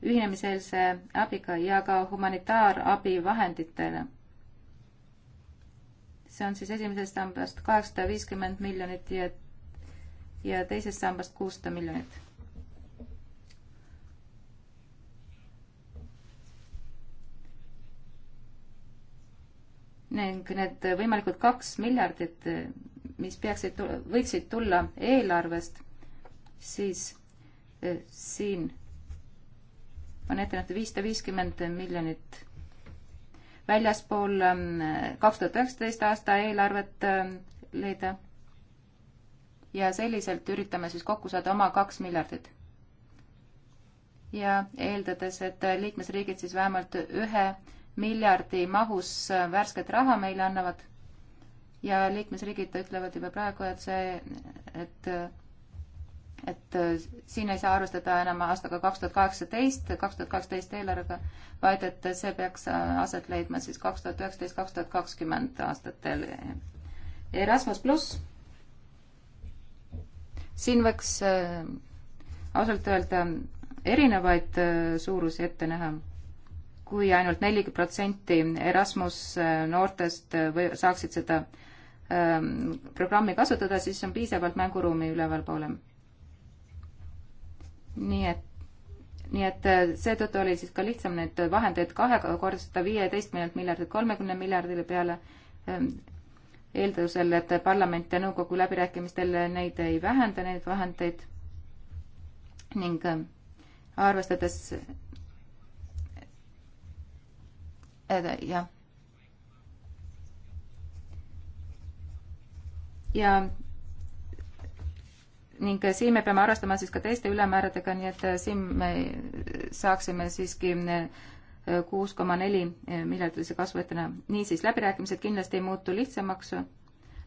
ühinemiseelse abiga ja ka humanitaarabivahenditele. see on siis esimesest sambast kaheksasada viiskümmend miljonit ja, ja teisest sambast kuussada miljonit. ning need võimalikud kaks miljardit, mis peaksid, võiksid tulla eelarvest, siis eh, siin on ette nähtud viissada viiskümmend miljonit väljaspool ähm, kaks tuhat üheksateist aasta eelarvet ähm, leida. ja selliselt üritame siis kokku saada oma kaks miljardit. ja eeldades, et liikmesriigid siis vähemalt ühe miljardi mahus äh, värsket raha meile annavad ja liikmesriigid ütlevad juba praegu, et see, et äh, et äh, siin ei saa arvestada enam aastaga kaks tuhat kaheksateist, kaks tuhat kaksteist eelarvega, vaid et see peaks äh, aset leidma siis kaks tuhat üheksateist, kaks tuhat kakskümmend aastatel. Erasmus pluss, siin võiks äh, ausalt öelda erinevaid suurusi ette näha kui ainult neli protsenti Erasmus noortest või saaksid seda ähm, programmi kasutada, siis on piisavalt mänguruumi ülevalpoole nii et, nii et äh, seetõttu oli siis ka lihtsam neid vahendeid kahekordistada viieteist miljardit miljardit kolmekümne miljardile peale ähm, eeldusel, et parlament ja nõukogu läbirääkimistel neid ei vähenda, neid vahendeid ning ähm, arvestades äh, jah. ja, ja ning siin me peame arvestama siis ka teiste ülemääradega, nii et äh, siin me saaksime siiski äh, kuus koma neli äh, miljardilise kasvu ette näha. niisiis, läbirääkimised kindlasti ei muutu lihtsamaks,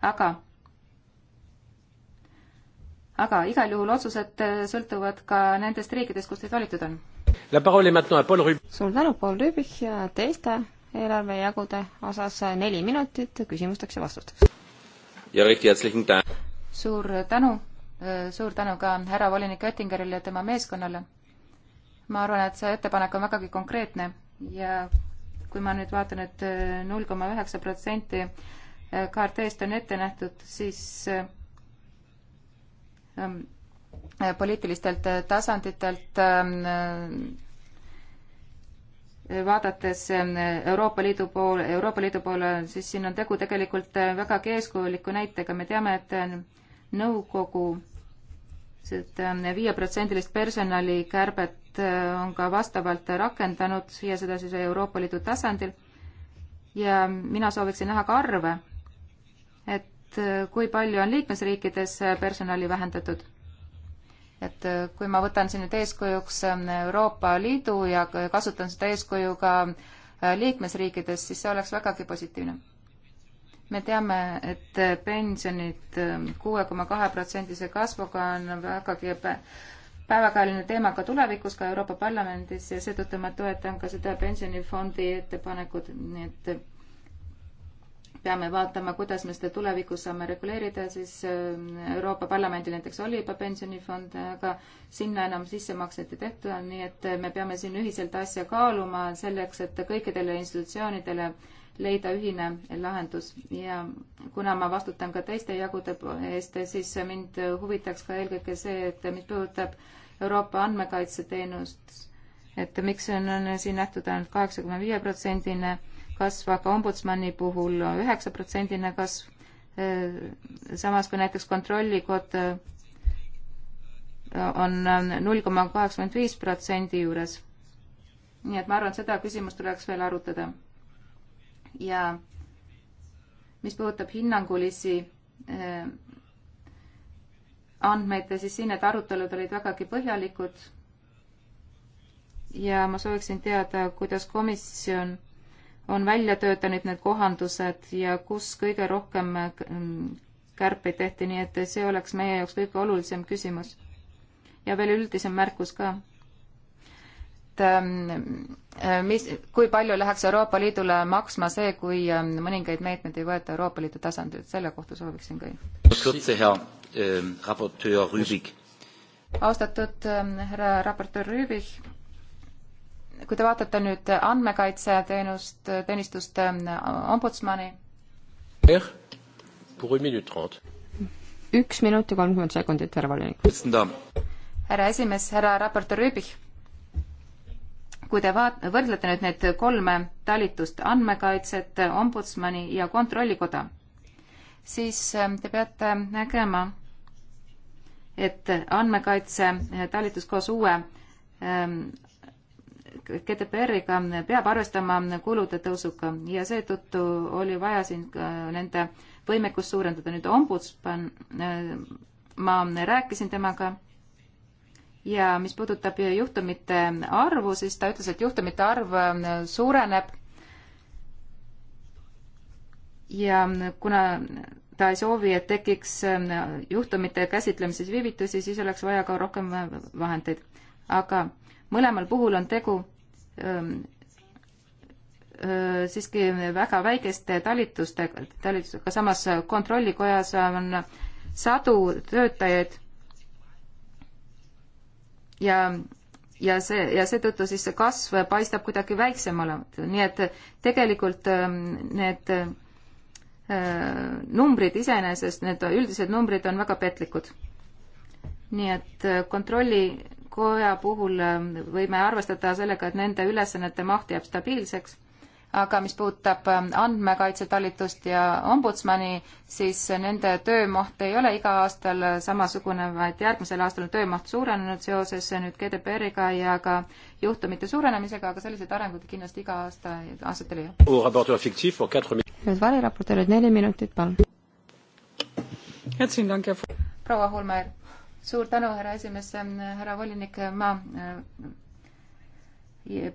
aga, aga igal juhul otsused sõltuvad ka nendest riikidest, kust teid valitud on. suur tänu, Paul Rüübich ja teiste eelarvejagude osas neli minutit küsimusteks ja vastusteks. suur tänu Äh, suur tänu ka härra volinik Oettingerile ja tema meeskonnale. ma arvan, et see ettepanek on vägagi konkreetne ja kui ma nüüd vaatan et, et äh, null koma üheksa protsenti äh, KRT-st on ette nähtud, siis ähm, poliitilistelt tasanditelt ähm, vaadates Euroopa Liidu poole, Euroopa Liidu poole, siis siin on tegu tegelikult vägagi eeskujuliku näitega, me teame, et nõukogu seda ähm, viieprotsendilist personalikärbet äh, on ka vastavalt rakendanud ja seda siis Euroopa Liidu tasandil. ja mina sooviksin näha ka arve, et äh, kui palju on liikmesriikides äh, personali vähendatud. et kui ma võtan siin nüüd eeskujuks ähm, Euroopa Liidu ja kasutan seda eeskuju ka liikmesriikides, siis see oleks vägagi positiivne me teame, et pensionid ähm, kuue koma kahe protsendise kasvuga on vägagi päevakajaline teema ka tulevikus, ka Euroopa Parlamendis ja seetõttu ma toetan ka seda pensionifondi ettepanekut, nii et peame vaatama, kuidas me seda tulevikus saame reguleerida, siis ähm, Euroopa Parlamendil näiteks oli juba pensionifond, aga sinna enam sissemakseid ei tehta, nii et me peame siin ühiselt asja kaaluma selleks, et kõikidele institutsioonidele äh, leida ühine lahendus ja kuna ma vastutan ka teiste jagude eest, siis mind huvitaks ka eelkõige see, et mis puudutab Euroopa andmekaitseteenust, et miks on, on siin nähtud ainult kaheksakümne viie protsendine kasv, aga ombudsmani puhul üheksa protsendine kasv, eh, samas kui näiteks kontrollikod eh, on null koma kaheksakümmend viis protsendi juures. nii et ma arvan, et seda küsimust tuleks veel arutada ja mis puudutab hinnangulisi äh, andmeid, siis siin need arutelud olid vägagi põhjalikud ja ma sooviksin teada, kuidas komisjon on välja töötanud need kohandused ja kus kõige rohkem äh, kärpeid tehti, nii et see oleks meie jaoks kõige olulisem küsimus. ja veel üldisem märkus ka. Ähm, äh, mis, kui palju läheks Euroopa Liidule maksma see, kui ähm, mõningaid meetmeid ei võeta Euroopa Liidu tasandil, selle kohta sooviksin ka infot. Ähm, austatud härra raportöör Rüübich, kui te vaatate nüüd andmekaitseteenust, teenistuste ombudsmani. üks minut ja kolmkümmend sekundit, härra volinik. härra esimees, härra raportöör Rüübich kui te vaat-, võrdlete nüüd need kolme talitust, andmekaitset, ombudsmani ja kontrollikoda, siis ähm, te peate nägema, et andmekaitse äh, talitus koos uue ähm, GDPR-iga peab arvestama kulude tõusuga ja seetõttu oli vaja siin ka nende võimekust suurendada. nüüd ombudsman, äh, ma rääkisin temaga ja mis puudutab juhtumite arvu, siis ta ütles, et juhtumite arv äh, suureneb. ja kuna ta ei soovi, et tekiks äh, juhtumite käsitlemises viivitusi, siis oleks vaja ka rohkem äh, vahendeid. aga mõlemal puhul on tegu ähm, siiski väga väikeste talitustega, talitustega, samas kontrollikojas on sadu töötajaid ja, ja see, ja seetõttu siis see kasv paistab kuidagi väiksem olevat, nii et tegelikult ähm, need äh, numbrid iseenesest, need üldised numbrid on väga petlikud. nii et äh, kontrollikoja puhul ähm, võime arvestada sellega, et nende ülesannete maht jääb stabiilseks aga mis puudutab ähm, andmekaitsetalitust ja ombudsmani, siis nende töömaht ei ole iga aastal samasugune, vaid järgmisel aastal on töömaht suurenenud seoses nüüd GDPR-iga ja ka juhtumite suurenemisega, aga selliseid arenguid kindlasti iga aasta, aastatel ei ole. nüüd variraportöörid neli minutit, palun. proua Holmer, suur tänu, härra esimees, härra volinik, ma äh,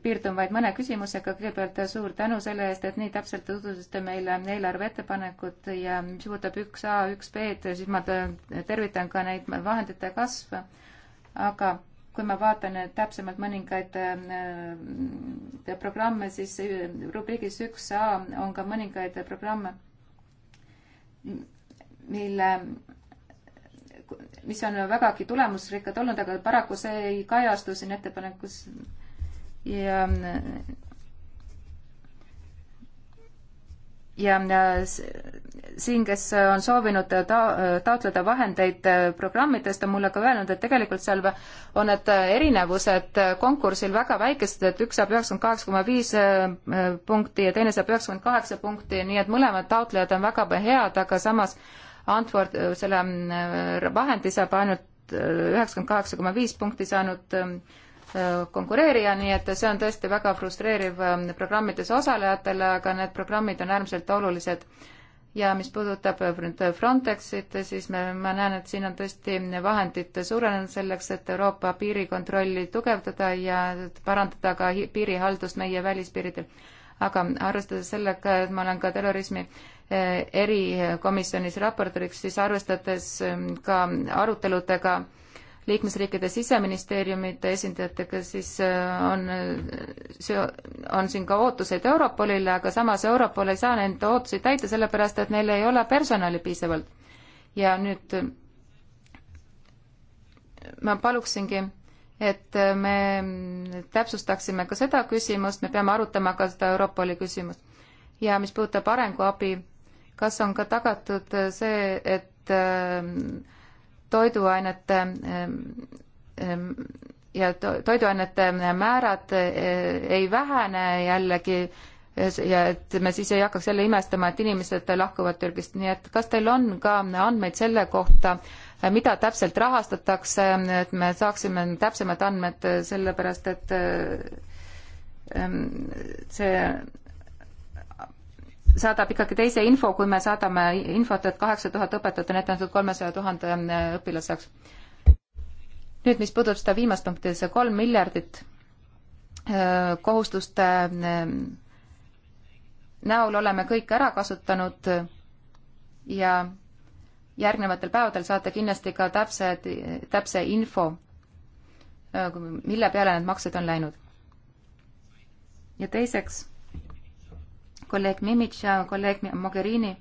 piirdun vaid mõne küsimusega, kõigepealt suur tänu selle eest, et nii täpselt tutvustasite meile eelarve ettepanekut ja mis puudutab üks A, üks B-d, siis ma tervitan ka neid vahendite kasve, aga kui ma vaatan täpsemalt mõningaid äh, programme, siis rubriigis üks A on ka mõningaid programme, mille mis on vägagi tulemusrikkad olnud, aga paraku see ei kajastu siin ettepanekus ja ja siin, kes on soovinud ta-, taotleda vahendeid programmidest, on mulle ka öelnud, et tegelikult seal on need erinevused konkursil väga väikesed, et üks saab üheksakümmend kaheksa koma viis äh, punkti ja teine saab üheksakümmend kaheksa punkti, nii et mõlemad taotlejad on väga head, aga samas Antwort äh, selle äh, vahendi saab ainult üheksakümmend kaheksa koma viis punkti saanud äh, konkureerija, nii et see on tõesti väga frustreeriv ähm, programmides osalejatele, aga need programmid on äärmiselt olulised. ja mis puudutab äh, nüüd äh, Frontexit, siis me, ma näen, et siin on tõesti vahendid suurenenud selleks, et Euroopa piirikontrolli tugevdada ja parandada ka piirihaldust meie välispiiridel. aga arvestades sellega, et ma olen ka terrorismi äh, erikomisjonis raportööriks, siis arvestades ähm, ka aruteludega liikmesriikide siseministeeriumide esindajatega, siis äh, on, äh, on siin ka ootuseid Europolile, aga samas Europol ei saa neid ootusi täita, sellepärast et neil ei ole personali piisavalt. ja nüüd äh, ma paluksingi, et me täpsustaksime ka seda küsimust, me peame arutama ka seda Europoli küsimust. ja mis puudutab arenguabi, kas on ka tagatud see, et äh, toiduainete ehm, ehm, ja toiduainete määrad eh, ei vähene jällegi ja et me siis ei hakkaks jälle imestama, et inimesed lahkuvad Türgist, nii et kas teil on ka andmeid selle kohta, mida täpselt rahastatakse, et me saaksime täpsemad andmed, sellepärast et ehm, see saadab ikkagi teise info, kui me saadame infot, et kaheksa tuhat õpetajat on ette antud kolmesaja tuhande äh, õpilaseks. nüüd, mis puudutab seda viimast punkti, see kolm miljardit äh, kohustuste äh, näol oleme kõik ära kasutanud ja järgnevatel päevadel saate kindlasti ka täpse, täpse info, mille peale need maksed on läinud. ja teiseks kolleeg Mimitša, kolleeg Mogherini,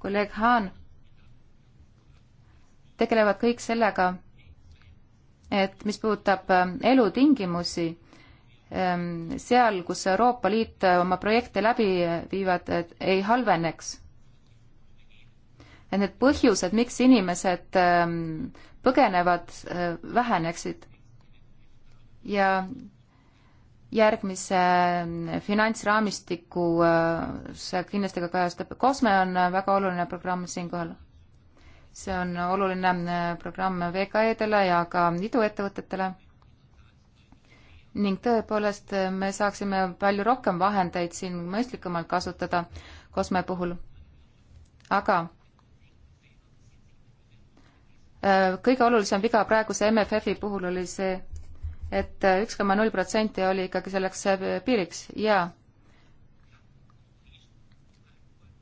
kolleeg Haan tegelevad kõik sellega, et mis puudutab ähm, elutingimusi, ähm, seal, kus Euroopa Liit äh, oma projekte läbi äh, viivad, et ei halveneks. et need põhjused, miks inimesed ähm, põgenevad, äh, väheneksid. ja järgmise ähm, finantsraamistiku äh, see kindlasti ka kajastab. COSME on äh, väga oluline programm siinkohal. see on oluline äh, programm VKE-dele ja ka iduettevõtetele. ning tõepoolest, me saaksime palju rohkem vahendeid siin mõistlikumalt kasutada COSME puhul. aga kõige olulisem viga praeguse MFF-i puhul oli see, et üks koma null protsenti oli ikkagi selleks piiriks ja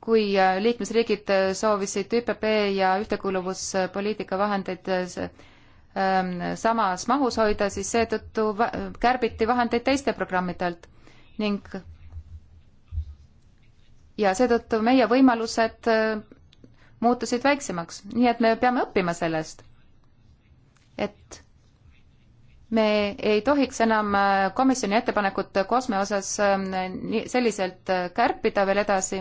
kui äh, liikmesriigid äh, soovisid ÜPP ja ühtekuuluvuspoliitika vahendeid ähm, samas mahus hoida, siis seetõttu kärbiti vahendeid teiste programmidelt ning ja seetõttu meie võimalused äh, muutusid väiksemaks, nii et me peame õppima sellest, et me ei tohiks enam äh, komisjoni ettepanekut kosme osas ähm, selliselt äh, kärpida veel edasi,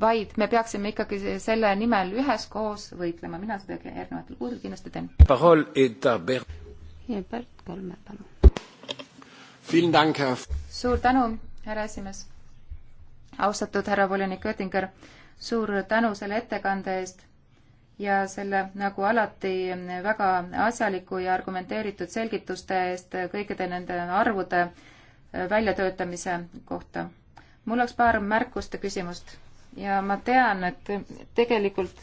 vaid me peaksime ikkagi selle nimel üheskoos võitlema. mina seda järgnevatel kuudel kindlasti teen. ja Bert Kolme, palun. suur tänu, härra esimees. austatud härra volinik Oettinger, suur tänu selle ettekande eest ja selle nagu alati väga asjaliku ja argumenteeritud selgituste eest kõikide nende arvude väljatöötamise kohta. mul oleks paar märkust ja küsimust ja ma tean, et tegelikult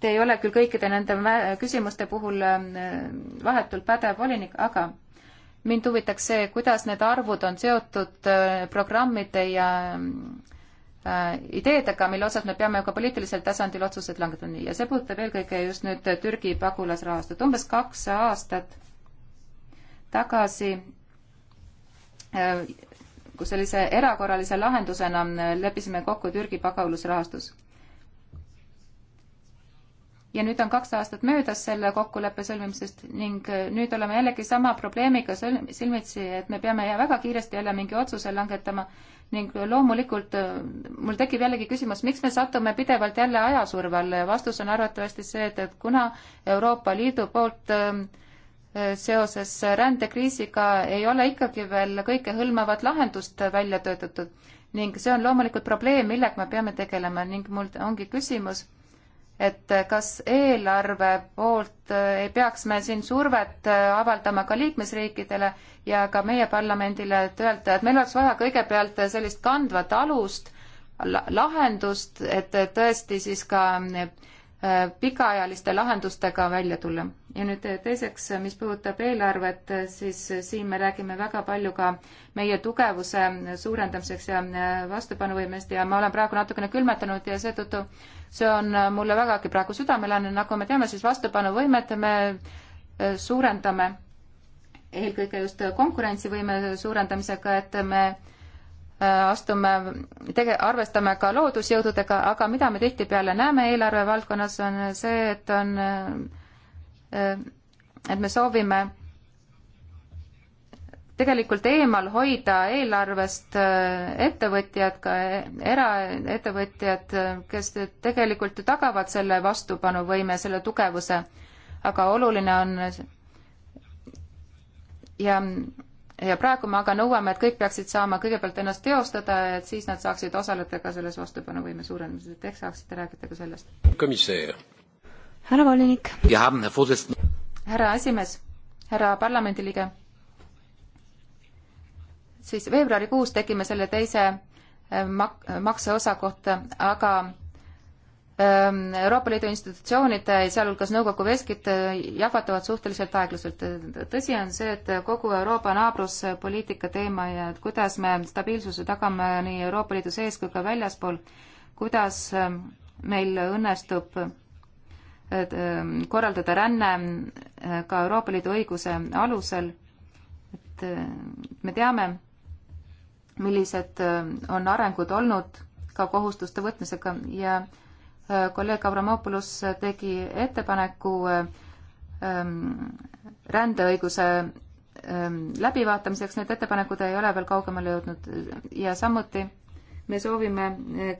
te ei ole küll kõikide nende küsimuste puhul äh, vahetult pädev volinik, aga mind huvitaks see, kuidas need arvud on seotud äh, programmide ja Äh, ideedega, mille osas me peame ka poliitilisel tasandil otsused langetama ja see puudutab eelkõige just nüüd Türgi pagulasrahastut. umbes kaks aastat tagasi kui äh, sellise erakorralise lahendusena äh, leppisime kokku Türgi pagulasrahastus ja nüüd on kaks aastat möödas selle kokkuleppe sõlmimisest ning äh, nüüd oleme jällegi sama probleemiga silmitsi, et me peame väga kiiresti jälle mingi otsuse langetama ning loomulikult äh, mul tekib jällegi küsimus, miks me satume pidevalt jälle ajasurve alla ja vastus on arvatavasti see, et, et kuna Euroopa Liidu poolt ähm, äh, seoses rändekriisiga ei ole ikkagi veel kõikehõlmavat lahendust välja töötatud ning see on loomulikult probleem, millega me peame tegelema ning mul ongi küsimus et kas eelarve poolt äh, ei peaks me siin survet äh, avaldama ka liikmesriikidele ja ka meie parlamendile, et öelda, et meil oleks vaja kõigepealt sellist kandvat alust, lahendust, et tõesti siis ka äh, pikaajaliste lahendustega välja tulla. ja nüüd teiseks, mis puudutab eelarvet, siis siin me räägime väga palju ka meie tugevuse suurendamiseks ja vastupanuvõimest ja ma olen praegu natukene külmetanud ja seetõttu see on äh, mulle vägagi praegu südamelähedane, nagu me teame, siis vastupanuvõimet me äh, suurendame eelkõige just konkurentsivõime suurendamisega, et me äh, astume, tege-, arvestame ka loodusjõududega, aga mida me tihtipeale näeme eelarve valdkonnas, on see, et on, et me soovime tegelikult eemal hoida eelarvest äh, ettevõtjad, ka eraettevõtjad, äh, kes tegelikult ju tagavad selle vastupanuvõime, selle tugevuse. aga oluline on ja, ja praegu me aga nõuame, et kõik peaksid saama kõigepealt ennast teostada, et siis nad saaksid osaleda ka selles vastupanuvõime suurendamises, et ehk saaksite rääkida ka sellest. härra volinik. härra esimees, härra parlamendiliige siis veebruarikuus tegime selle teise äh, mak-, äh, makseosa kohta, aga ähm, Euroopa Liidu institutsioonide, äh, sealhulgas nõukogu veskid, jahvatavad suhteliselt aeglaselt. tõsi on see, et kogu Euroopa naabruspoliitika teema ja et kuidas me stabiilsuse tagame nii Euroopa Liidu sees kui ka väljaspool, kuidas ähm, meil õnnestub ähm, korraldada ränne ka Euroopa Liidu õiguse alusel, et me teame, millised äh, on arengud olnud ka kohustuste võtmisega ja äh, kolleeg Avramopoulos tegi ettepaneku äh, ähm, rändeõiguse ähm, läbivaatamiseks, need ettepanekud ei ole veel kaugemale jõudnud ja samuti me soovime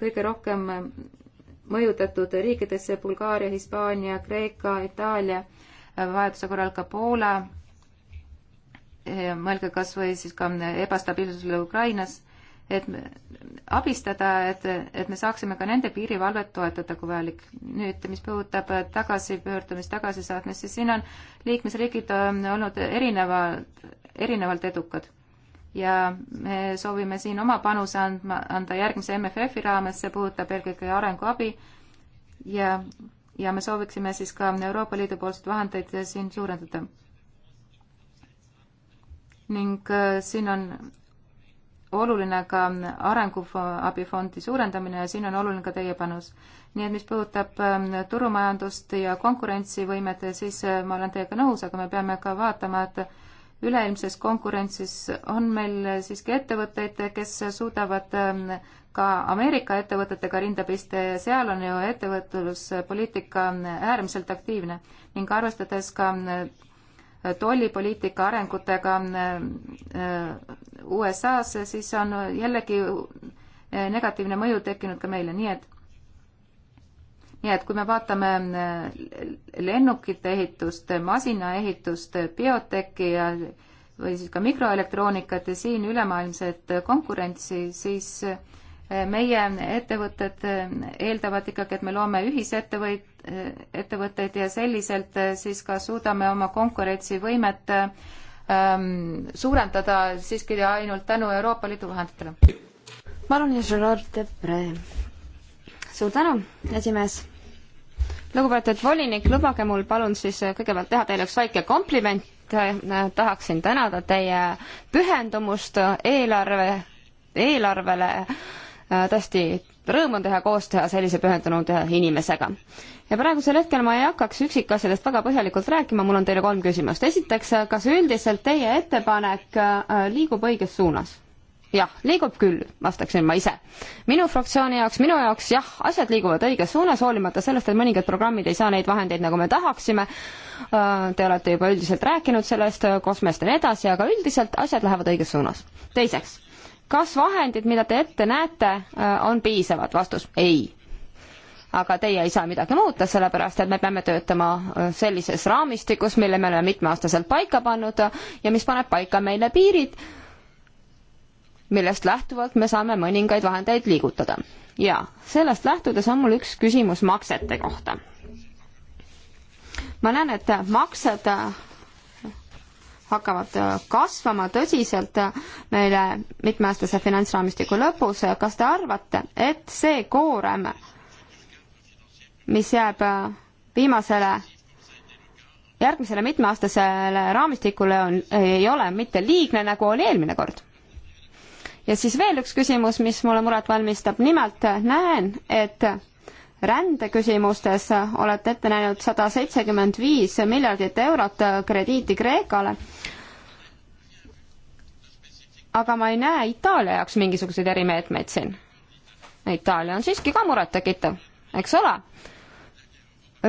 kõige rohkem mõjutatud riikidesse Bulgaaria, Hispaania, Kreeka, Itaalia, vajaduse korral ka Poola mõelge kas või siis ka ebastabiilsusele Ukrainas, et abistada, et, et me saaksime ka nende piirivalvet toetada, kui vajalik. nüüd, mis puudutab tagasipöördumist, tagasisaatmist, siis siin on liikmesriigid ähm, olnud erinevalt, erinevalt edukad. ja me soovime siin oma panuse andma, anda järgmise MFF-i raames, see puudutab eelkõige arenguabi ja, ja me sooviksime siis ka Euroopa Liidu poolseid vahendeid siin suurendada ning äh, siin on oluline ka arenguabifondi suurendamine ja siin on oluline ka teie panus. nii et mis puudutab ähm, turumajandust ja konkurentsivõimet, siis äh, ma olen teiega nõus, aga me peame ka vaatama, et üleilmses konkurentsis on meil siiski ettevõtteid, kes suudavad ähm, ka Ameerika ettevõtetega rinda pista ja seal on ju ettevõtluspoliitika ähm, äärmiselt aktiivne ning arvestades ka äh, tollipoliitika arengutega eh, eh, USA-s, siis on jällegi eh, negatiivne mõju tekkinud ka meile, nii et nii et kui me vaatame lennukite ehitust, masinaehitust, bioteki ja või siis ka mikroelektroonikat ja siin ülemaailmset konkurentsi, siis äh, meie ettevõtted eeldavad ikkagi, et me loome ühisettevõt-, ettevõtteid ja selliselt eh, siis ka suudame oma konkurentsivõimet ähm, suurendada siiski ainult tänu Euroopa Liidu vahenditele. palun, Gerard Depre. suur tänu, esimees. lugupeetud volinik, lubage mul palun siis kõigepealt teha teile üks väike kompliment. Eh, tahaksin tänada teie pühendumust eelarve, eelarvele Äh, tõesti rõõm on teha koostöö sellise pühendunud äh, inimesega. ja praegusel hetkel ma ei hakkaks üksikasjadest väga põhjalikult rääkima, mul on teile kolm küsimust. esiteks, äh, kas üldiselt teie ettepanek liigub õiges suunas? jah, liigub küll, vastaksin ma ise. minu fraktsiooni jaoks, minu jaoks jah, asjad liiguvad õiges suunas, hoolimata sellest, et mõningad programmid ei saa neid vahendeid, nagu me tahaksime. Te olete juba üldiselt rääkinud sellest, kosmest ja nii edasi, aga üldiselt asjad lähevad õiges suunas. teiseks kas vahendid, mida te ette näete, äh, on piisavad? vastus ei aga teie ei saa midagi muuta, sellepärast et me peame töötama äh, sellises raamistikus, mille me oleme mitmeaastaselt paika pannud ja mis paneb paika meile piirid, millest lähtuvalt me saame mõningaid vahendeid liigutada. ja sellest lähtudes on mul üks küsimus maksete kohta. ma näen, et maksed äh, hakkavad äh, kasvama tõsiselt äh, meile mitmeaastase finantsraamistiku lõpus. kas te arvate, et see koorem, mis jääb äh, viimasele järgmisele mitmeaastasele raamistikule on, ei ole mitte liigne, nagu oli eelmine kord. ja siis veel üks küsimus, mis mulle muret valmistab, nimelt näen, et rändeküsimustes olete ette näinud sada seitsekümmend viis miljardit eurot krediiti Kreekale. aga ma ei näe Itaalia jaoks mingisuguseid erimeetmeid siin. Itaalia on siiski ka murettekitav, eks ole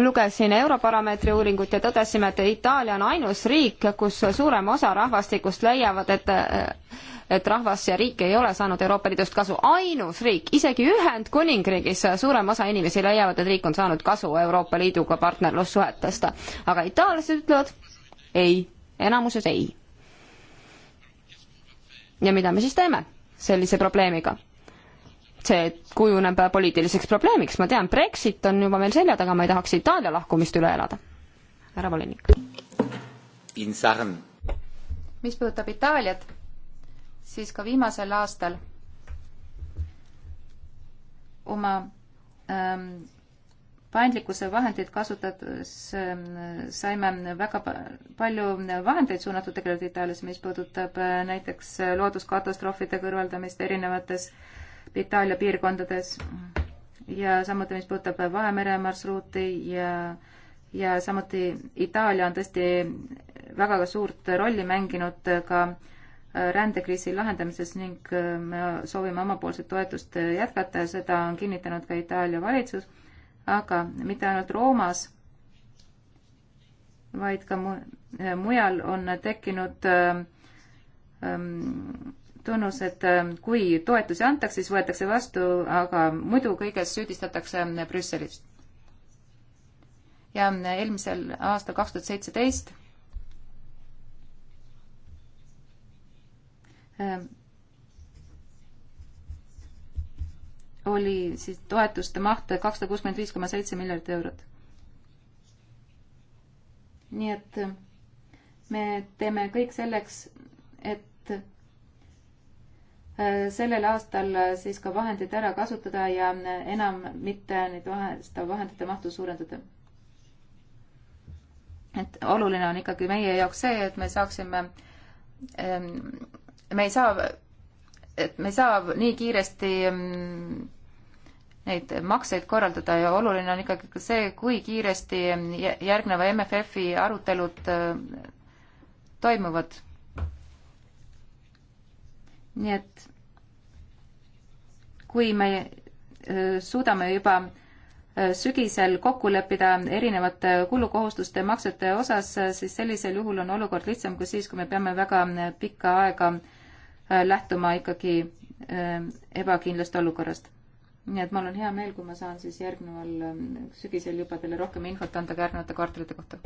lugesin Europarameetri uuringut ja tõdesime, et Itaalia on ainus riik, kus suurem osa rahvastikust leiavad, et et rahvas ja riik ei ole saanud Euroopa Liidust kasu. ainus riik, isegi Ühendkuningriigis suurem osa inimesi leiavad, et riik on saanud kasu Euroopa Liiduga partnerlussuhetest. aga itaallased ütlevad ei, enamuses ei. ja mida me siis teeme sellise probleemiga? see kujuneb poliitiliseks probleemiks, ma tean, Brexit on juba meil selja taga, ma ei tahaks Itaalia lahkumist üle elada. härra volinik. mis puudutab Itaaliat, siis ka viimasel aastal oma ähm, paindlikkuse vahendeid kasutades ähm, saime väga palju vahendeid suunatud tegelikult Itaalias, mis puudutab äh, näiteks äh, looduskatastroofide kõrvaldamist erinevates äh, Itaalia piirkondades ja samuti, mis puudutab Vahemere marsruuti ja, ja samuti Itaalia on tõesti väga suurt rolli mänginud ka äh, rändekriisi lahendamises ning äh, me soovime omapoolset toetust jätkata ja seda on kinnitanud ka Itaalia valitsus, aga mitte ainult Roomas, vaid ka mu äh, mujal on tekkinud ähm, tunnus, et ähm, kui toetusi antakse, siis võetakse vastu, aga muidu kõiges süüdistatakse ähm, Brüsselist. ja ähm, eelmisel aastal kaks tuhat seitseteist oli siis toetuste maht kakssada kuuskümmend viis koma seitse miljardit eurot. nii et me teeme kõik selleks, et sellel aastal siis ka vahendid ära kasutada ja enam mitte neid vahend, seda vahendite mahtu suurendada. et oluline on ikkagi meie jaoks see, et me saaksime, me ei saa, et me ei saa nii kiiresti neid makseid korraldada ja oluline on ikkagi ka see, kui kiiresti järgneva MFF-i arutelud toimuvad nii et kui me äh, suudame juba äh, sügisel kokku leppida erinevate kulukohustuste maksete osas, siis sellisel juhul on olukord lihtsam kui siis, kui me peame väga äh, pikka aega lähtuma ikkagi ebakindlast olukorrast. nii et mul on hea meel, kui ma saan siis järgneval sügisel juba teile rohkem infot anda ka järgnevate kvartalite kohta.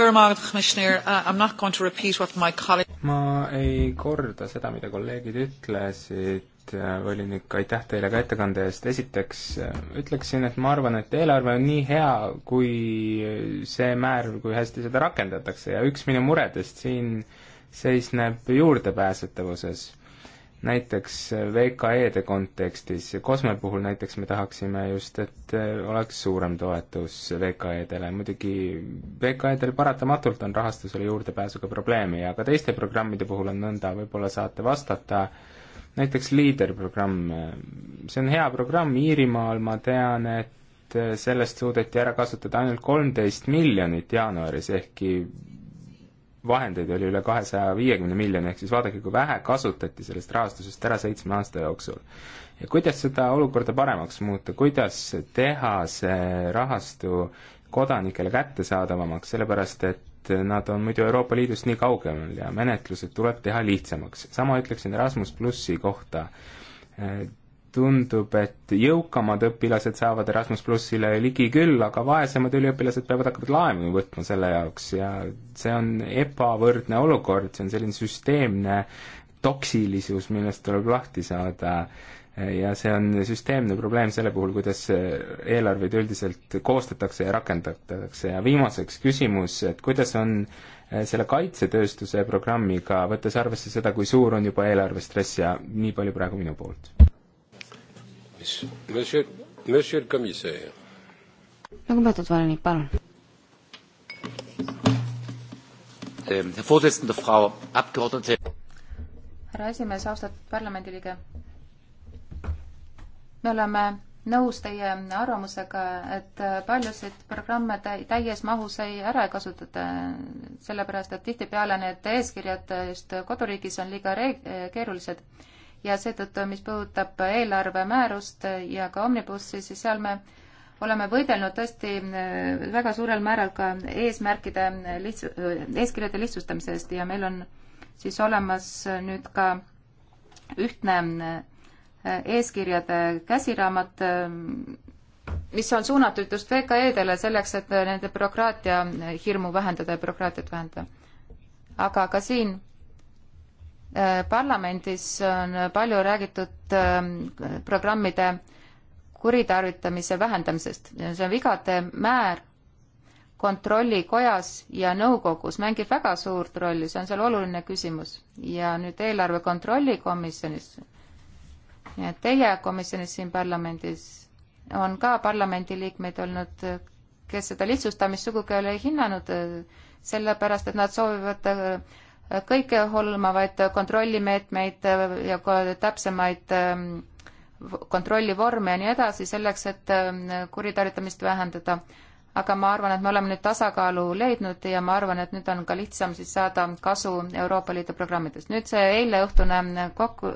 Uh, ma ei korda seda, mida kolleegid ütlesid, äh, volinik, aitäh teile ka ettekande eest, esiteks äh, ütleksin, et ma arvan, et eelarve on nii hea, kui see määr, kui hästi seda rakendatakse ja üks minu muredest siin seisneb juurdepääsetavuses näiteks VKE-de kontekstis, Kosme puhul näiteks me tahaksime just, et äh, oleks suurem toetus VKE-dele, muidugi VKE-del paratamatult on rahastusele juurdepääsuga probleemi, aga teiste programmide puhul on nõnda, võib-olla saate vastata, näiteks Leader programm, äh, see on hea programm, Iirimaal ma tean, et äh, sellest suudeti ära kasutada ainult kolmteist miljonit jaanuaris, ehkki vahendeid oli üle kahesaja viiekümne miljoni, ehk siis vaadake, kui vähe kasutati sellest rahastusest ära seitsme aasta jooksul. ja kuidas seda olukorda paremaks muuta, kuidas teha see rahastu kodanikele kättesaadavamaks, sellepärast et nad on muidu Euroopa Liidust nii kaugemal ja menetlused tuleb teha lihtsamaks. sama ütleksin Erasmus plussi kohta tundub, et jõukamad õpilased saavad Erasmus plussile ligi küll, aga vaesemad üliõpilased peavad hakkama laenu võtma selle jaoks ja see on ebavõrdne olukord, see on selline süsteemne toksilisus, millest tuleb lahti saada ja see on süsteemne probleem selle puhul, kuidas eelarveid üldiselt koostatakse ja rakendatakse ja viimaseks küsimus, et kuidas on selle kaitsetööstuse programmiga, võttes arvesse seda, kui suur on juba eelarvestress ja nii palju praegu minu poolt Monsieur, monsieur le commissaire. lugupeetud volinik, palun. Ähm, härra esimees, austatud parlamendiliige. me oleme nõus teie arvamusega, et paljusid programme täies mahus ei ära kasutata, sellepärast et tihtipeale need eeskirjad just koduriigis on liiga keerulised ja seetõttu, mis puudutab eelarvemäärust ja ka Omnibussi, siis seal me oleme võidelnud tõesti äh, väga suurel määral ka eesmärkide lihtsu-, eeskirjade lihtsustamise eest ja meil on siis olemas nüüd ka ühtne äh, eeskirjade käsiraamat, äh, mis on suunatud just VKE-dele selleks, et nende bürokraatia hirmu vähendada ja bürokraatiat vähendada. aga ka siin Äh, parlamendis on palju räägitud äh, programmide kuritarvitamise vähendamisest. see vigade määr kontrollikojas ja nõukogus mängib väga suurt rolli, see on seal oluline küsimus. ja nüüd eelarve kontrollikomisjonis, teie komisjonis siin parlamendis on ka parlamendiliikmeid olnud, kes seda lihtsustamist sugugi ei ole hinnanud, äh, sellepärast et nad soovivad kõikehõlmavaid kontrollimeetmeid ja ka täpsemaid ähm, kontrollivorme ja nii edasi, selleks et ähm, kuritarvitamist vähendada. aga ma arvan, et me oleme nüüd tasakaalu leidnud ja ma arvan, et nüüd on ka lihtsam siis saada kasu Euroopa Liidu programmidest. nüüd see eileõhtune kokku,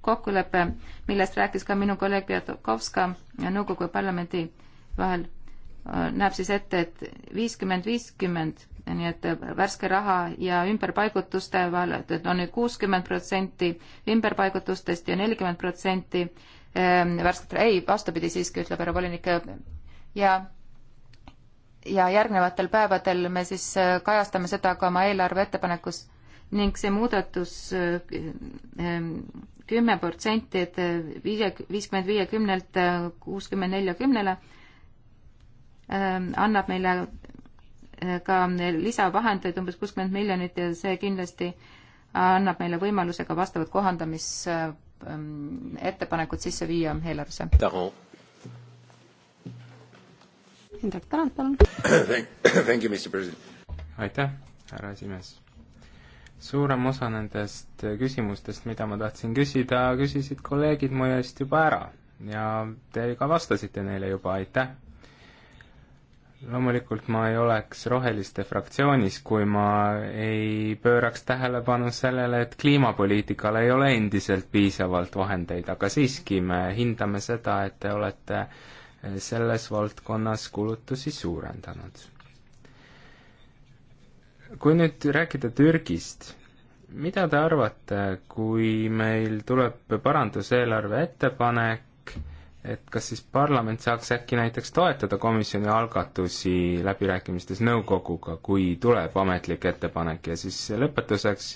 kokkulepe, millest rääkis ka minu kolleeg Pjatovkovska nõukogu parlamendi vahel näeb siis ette, et viiskümmend, viiskümmend, nii et värske raha ja ümberpaigutuste vahel, et on nüüd kuuskümmend protsenti ümberpaigutustest ja nelikümmend protsenti ehm, värsket, ei, vastupidi siiski, ütleb härra volinik. ja, ja järgnevatel päevadel me siis äh, kajastame seda ka oma eelarve ettepanekus ning see muudatus äh, ehm, kümme protsenti, et viie, viiskümmend viiekümnelt äh, kuuskümmend neljakümnele Ähm, annab meile äh, ka lisavahendeid umbes kuuskümmend miljonit ja see kindlasti annab meile võimaluse ka vastavad kohandamisettepanekud sisse viia eelarvesse. Indrek Tarand, palun. (coughs) aitäh, härra esimees suurem osa nendest küsimustest, mida ma tahtsin küsida, küsisid kolleegid mu eest juba ära ja te ka vastasite neile juba, aitäh! loomulikult ma ei oleks Roheliste fraktsioonis, kui ma ei pööraks tähelepanu sellele, et kliimapoliitikal ei ole endiselt piisavalt vahendeid, aga siiski me hindame seda, et te olete selles valdkonnas kulutusi suurendanud. kui nüüd rääkida Türgist, mida te arvate, kui meil tuleb paranduseelarve ettepanek, et kas siis parlament saaks äkki näiteks toetada komisjoni algatusi läbirääkimistes nõukoguga, kui tuleb ametlik ettepanek ja siis lõpetuseks,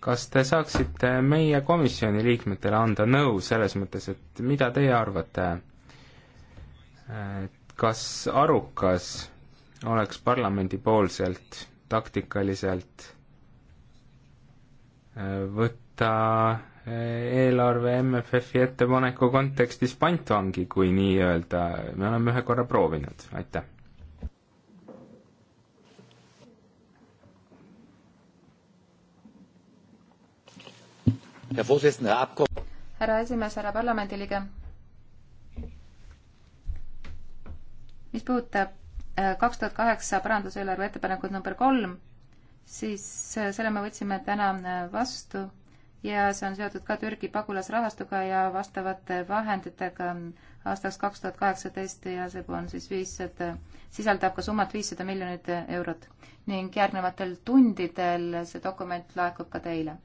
kas te saaksite meie komisjoni liikmetele anda nõu selles mõttes, et mida teie arvate, kas arukas oleks parlamendipoolselt taktikaliselt võtta eelarve MFF-i ettepaneku kontekstis pantvangi, kui nii-öelda, me oleme ühe korra proovinud, aitäh. härra esimees, härra parlamendiliige. mis puudutab äh, kaks tuhat kaheksa paranduse eelarve ettepanekut number kolm, siis äh, selle me võtsime täna äh, vastu ja see on seotud ka Türgi pagulasrahastuga ja vastavate vahenditega aastaks kaks tuhat kaheksateist ja see on siis viissada, sisaldab ka summat viissada miljonit eurot. ning järgnevatel tundidel see dokument laekub ka teile.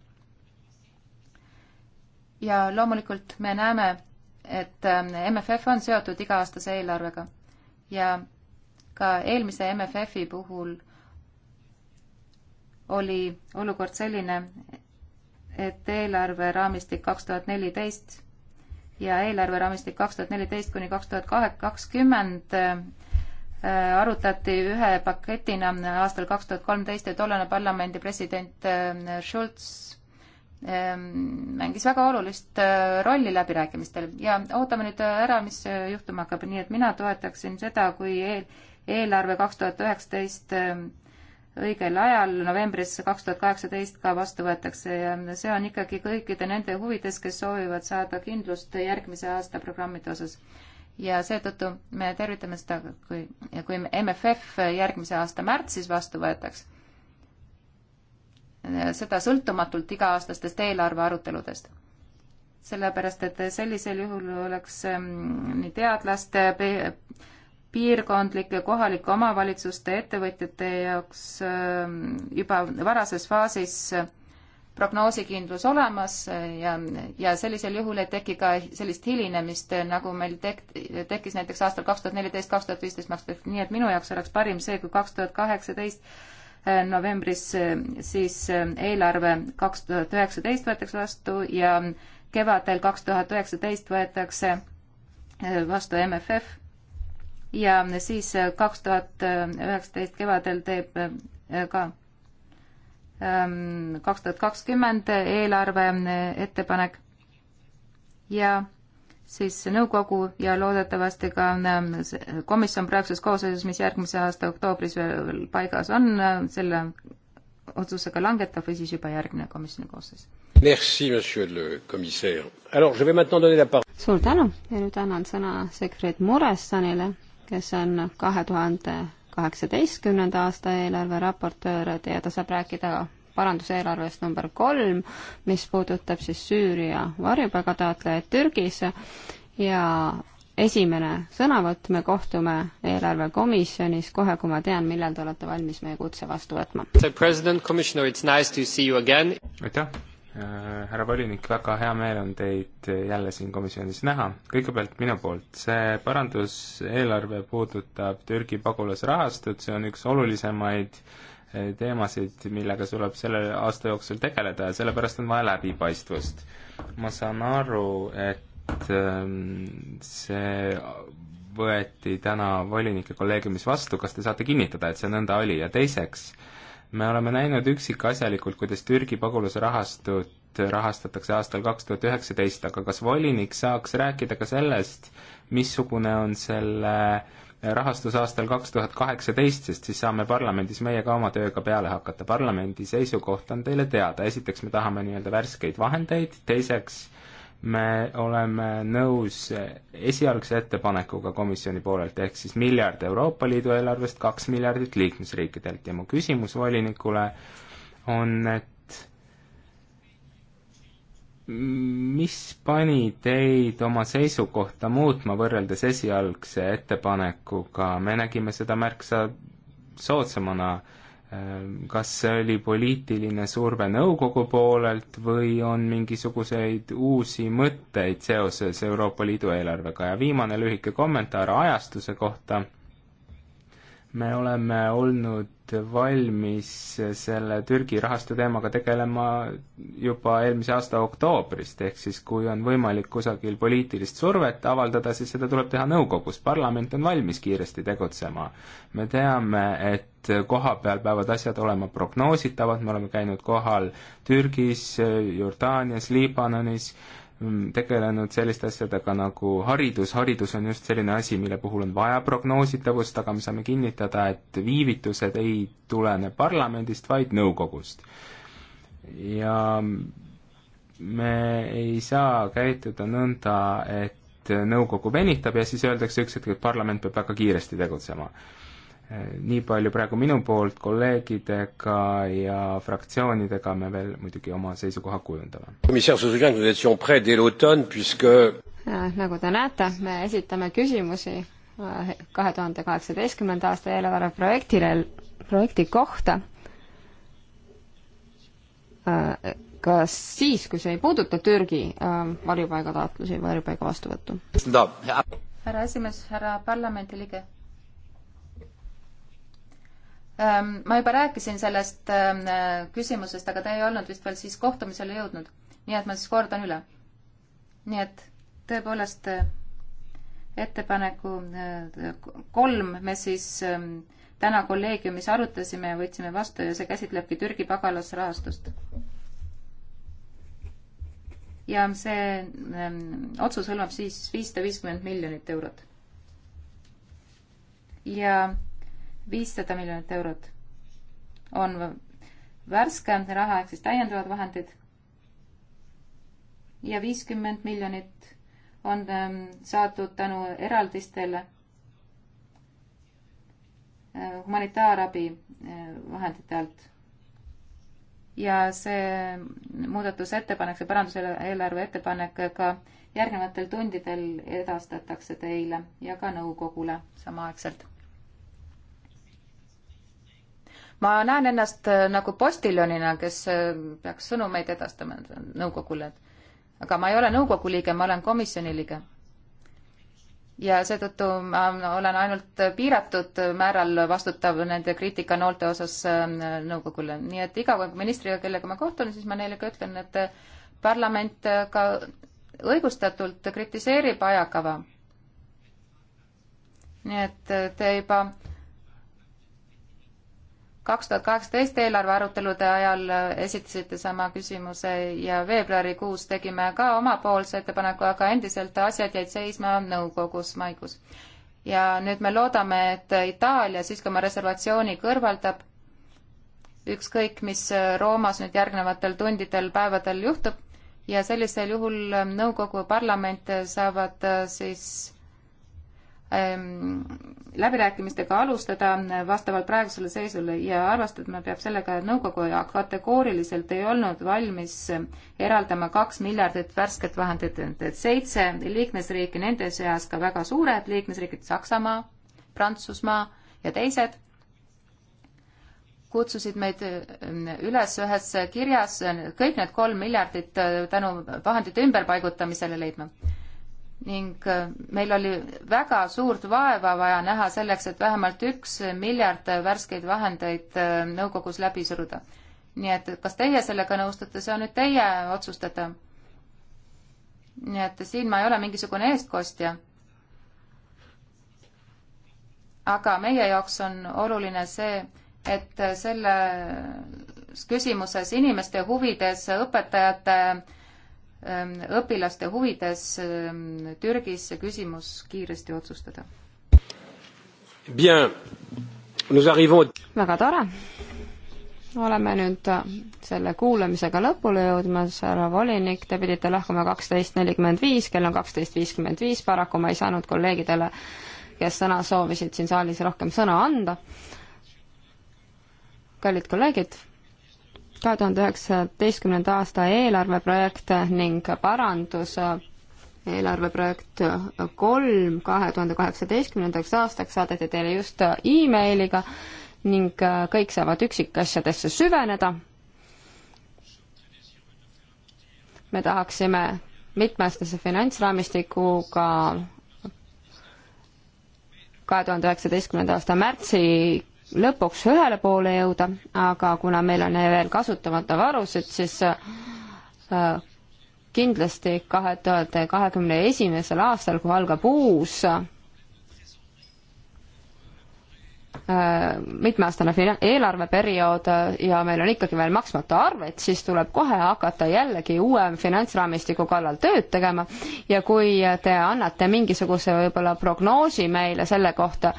ja loomulikult me näeme, et MFF ähm, on seotud iga-aastase eelarvega ja ka eelmise MFF-i puhul oli olukord selline, et eelarveraamistik kaks tuhat neliteist ja eelarveraamistik kaks tuhat neliteist kuni kaks tuhat kakskümmend äh, arutati ühe paketina aastal kaks tuhat kolmteist ja tollane parlamendi president äh, Schulz ähm, mängis väga olulist äh, rolli läbirääkimistel ja ootame nüüd ära, mis juhtuma hakkab, nii et mina toetaksin seda, kui eel, eelarve kaks tuhat üheksateist ähm, õigel ajal, novembris kaks tuhat kaheksateist ka vastu võetakse ja see on ikkagi kõikide nende huvides, kes soovivad saada kindlust järgmise aasta programmide osas. ja seetõttu me tervitame seda, kui, kui MFF järgmise aasta märtsis vastu võetaks. seda sõltumatult iga-aastastest eelarve aruteludest sellepärast, et sellisel juhul oleks mm, nii teadlaste piirkondlike kohalike omavalitsuste ettevõtjate jaoks ähm, juba varases faasis prognoosikindlus olemas äh, ja, ja sellisel juhul ei teki ka sellist hilinemist, äh, nagu meil tek-, tekkis näiteks aastal kaks tuhat neliteist, kaks tuhat viisteist makstud, nii et minu jaoks oleks parim see, kui kaks tuhat kaheksateist äh, novembris siis eelarve kaks tuhat üheksateist võetakse vastu ja kevadel kaks tuhat üheksateist võetakse vastu MFF ja siis äh, kaks tuhat üheksateist kevadel teeb äh, ka ähm, kaks tuhat kakskümmend eelarve äh, ettepanek ja siis nõukogu ja loodetavasti ka ähm, komisjon praeguses koosseisus, mis järgmise aasta oktoobris veel paigas on, selle otsusega langetab või siis juba järgmine komisjoni koosseis. Merci, monsieur le commissaire. Alors, je vais maintenant donner la parole. suur tänu ja nüüd annan sõna sekretär Moressanile kes on kahe tuhande kaheksateistkümnenda aasta eelarve raportöör ja ta saab rääkida paranduseelarvest number kolm, mis puudutab siis Süüria varjupaigataotlejaid Türgis ja esimene sõnavõtt, me kohtume eelarvekomisjonis kohe, kui ma tean, millal te olete valmis meie kutse vastu võtma. aitäh, Äh, härra volinik, väga hea meel on teid jälle siin komisjonis näha. kõigepealt minu poolt, see paranduseelarve puudutab Türgi pagulasrahastut, see on üks olulisemaid äh, teemasid, millega tuleb selle aasta jooksul tegeleda ja sellepärast on vaja läbipaistvust. ma saan aru, et ähm, see võeti täna volinike kolleegiumis vastu, kas te saate kinnitada, et see nõnda oli ja teiseks, me oleme näinud üksikasjalikult, kuidas Türgi pagulasrahastut rahastatakse aastal kaks tuhat üheksateist, aga kas volinik saaks rääkida ka sellest, missugune on selle rahastus aastal kaks tuhat kaheksateist, sest siis saame parlamendis meie ka oma tööga peale hakata. parlamendi seisukoht on teile teada, esiteks me tahame nii-öelda värskeid vahendeid, teiseks äh, me oleme nõus esialgse ettepanekuga komisjoni poolelt, ehk siis miljard Euroopa Liidu eelarvest, kaks miljardit liikmesriikidelt ja mu küsimus volinikule on, et mis pani teid oma seisukohta muutma võrreldes esialgse ettepanekuga, me nägime seda märksa soodsamana äh, Ehm, kas see oli poliitiline surve nõukogu poolelt või on mingisuguseid uusi mõtteid seoses Euroopa Liidu eelarvega ja viimane lühike kommentaar ajastuse kohta me oleme olnud valmis selle Türgi rahastu teemaga tegelema juba eelmise aasta oktoobrist, ehk siis kui on võimalik kusagil poliitilist survet avaldada, siis seda tuleb teha nõukogus, parlament on valmis kiiresti tegutsema. me teame, et koha peal peavad asjad olema prognoositavad, me oleme käinud kohal Türgis, Jordaanias, Liibanonis, Mm, tegelenud selliste asjadega nagu haridus, haridus on just selline asi, mille puhul on vaja prognoositavust, aga me saame kinnitada, et viivitused ei tulene parlamendist, vaid nõukogust. ja me ei saa käituda nõnda, et nõukogu venitab ja siis öeldakse üks hetk, et parlament peab väga kiiresti tegutsema Eh, nii palju praegu minu poolt kolleegidega ja fraktsioonidega me veel muidugi oma seisukoha kujundame. nagu te näete, me esitame küsimusi eh, kahe tuhande kaheksateistkümnenda aasta eelarve projektile, projekti kohta. Eh, kas siis, kui see ei puuduta Türgi varjupaigataotlusi, varjupaiga vastuvõttu? härra esimees, härra parlamendiliige Ehm, ma juba rääkisin sellest ehm, küsimusest, aga ta ei olnud vist veel siis kohtumisele jõudnud. nii et ma siis kordan üle. nii et tõepoolest ehm, ettepaneku kolm me siis täna kolleegiumis arutasime ja võtsime vastu ja see käsitlebki Türgi pagalasrahastust. ja see öö, otsus hõlmab siis viissada viiskümmend miljonit eurot. ja viissada miljonit eurot on värske raha ehk siis täiendavad vahendid ja viiskümmend miljonit on ähm, saadud tänu eraldistele äh, humanitaarabi äh, vahendite alt. ja see muudatusettepanek, see paranduseelarve ettepanek ka järgnevatel tundidel edastatakse teile ja ka nõukogule samaaegselt ma näen ennast äh, nagu postiljonina, kes äh, peaks sõnumeid edastama nõukogule. aga ma ei ole nõukogu liige, ma olen komisjoni liige. ja seetõttu ma olen ainult piiratud määral vastutav nende kriitikanoolte osas äh, nõukogule, nii et iga kord ministriga, kellega ma kohtun, siis ma neile ka ütlen, et parlament ka õigustatult kritiseerib ajakava. nii et te juba kaks tuhat kaheksateist eelarve arutelude ajal esitasite sama küsimuse ja veebruarikuus tegime ka omapoolse ettepaneku, aga endiselt asjad jäid seisma nõukogus maikuus. ja nüüd me loodame, et Itaalia siiski oma reservatsiooni kõrvaldab, ükskõik mis Roomas nüüd järgnevatel tundidel, päevadel juhtub, ja sellisel juhul nõukogu parlament saavad siis Ähm, läbirääkimistega alustada vastavalt praegusele seisule ja arvestama peab sellega, et nõukogu kategooriliselt ei olnud valmis eraldama kaks miljardit värsket vahendit, et seitse liikmesriiki, nende seas ka väga suured liikmesriigid, Saksamaa, Prantsusmaa ja teised, kutsusid meid ähm, üles ühes kirjas kõik need kolm miljardit äh, tänu vahendite ümberpaigutamisele leidma ning äh, meil oli väga suurt vaeva vaja näha selleks, et vähemalt üks miljard värskeid vahendeid äh, nõukogus läbi suruda. nii et kas teie sellega nõustute, see on nüüd teie otsustada. nii et siin ma ei ole mingisugune eestkostja. aga meie jaoks on oluline see, et selles küsimuses inimeste huvides õpetajate äh, Ehm, õpilaste huvides ehm, Türgis see küsimus kiiresti otsustada. väga tore. oleme nüüd selle kuulamisega lõpule jõudmas, härra volinik, te pidite lahkuma kaksteist nelikümmend viis, kell on kaksteist viiskümmend viis, paraku ma ei saanud kolleegidele, kes sõna soovisid siin saalis rohkem sõna anda. kallid kolleegid kahe tuhande üheksateistkümnenda aasta eelarveprojekt ning parandus eelarveprojekt kolm kahe tuhande kaheksateistkümnendaks aastaks saadeti teile just emailiga ning kõik saavad üksikasjadesse süveneda. me tahaksime mitmeaastase finantsraamistikuga kahe tuhande üheksateistkümnenda aasta märtsi lõpuks ühele poole jõuda, aga kuna meil on veel kasutamata varusid, siis äh, kindlasti kahe tuhande kahekümne esimesel aastal, kui algab uus äh, mitmeaastane eelarveperiood äh, ja meil on ikkagi veel maksmata arved, siis tuleb kohe hakata jällegi uue finantsraamistiku kallal tööd tegema ja kui te annate mingisuguse võib-olla prognoosi meile selle kohta,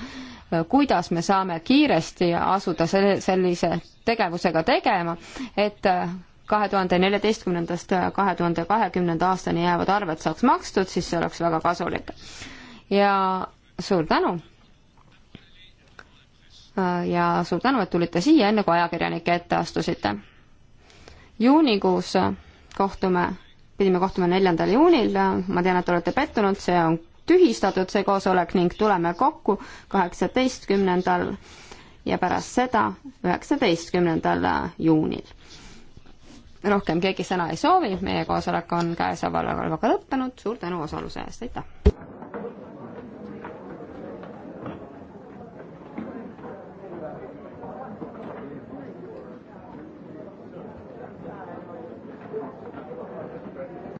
Äh, kuidas me saame kiiresti asuda selle, sellise tegevusega tegema, et äh, kahe tuhande neljateistkümnendast äh, kahe tuhande kahekümnenda aastani jäävad arved saaks makstud, siis see oleks väga kasulik. ja suur tänu! ja suur tänu, et tulite siia, enne kui ajakirjanike ette astusite. juunikuus kohtume, pidime kohtuma neljandal juunil, ma tean, et olete pettunud, see on tühistatud see koosolek ning tuleme kokku kaheksateistkümnendal ja pärast seda üheksateistkümnendal juunil. rohkem keegi sõna ei soovi, meie koosolek on käesolevaga lõppenud, suur tänu osaluse eest, aitäh!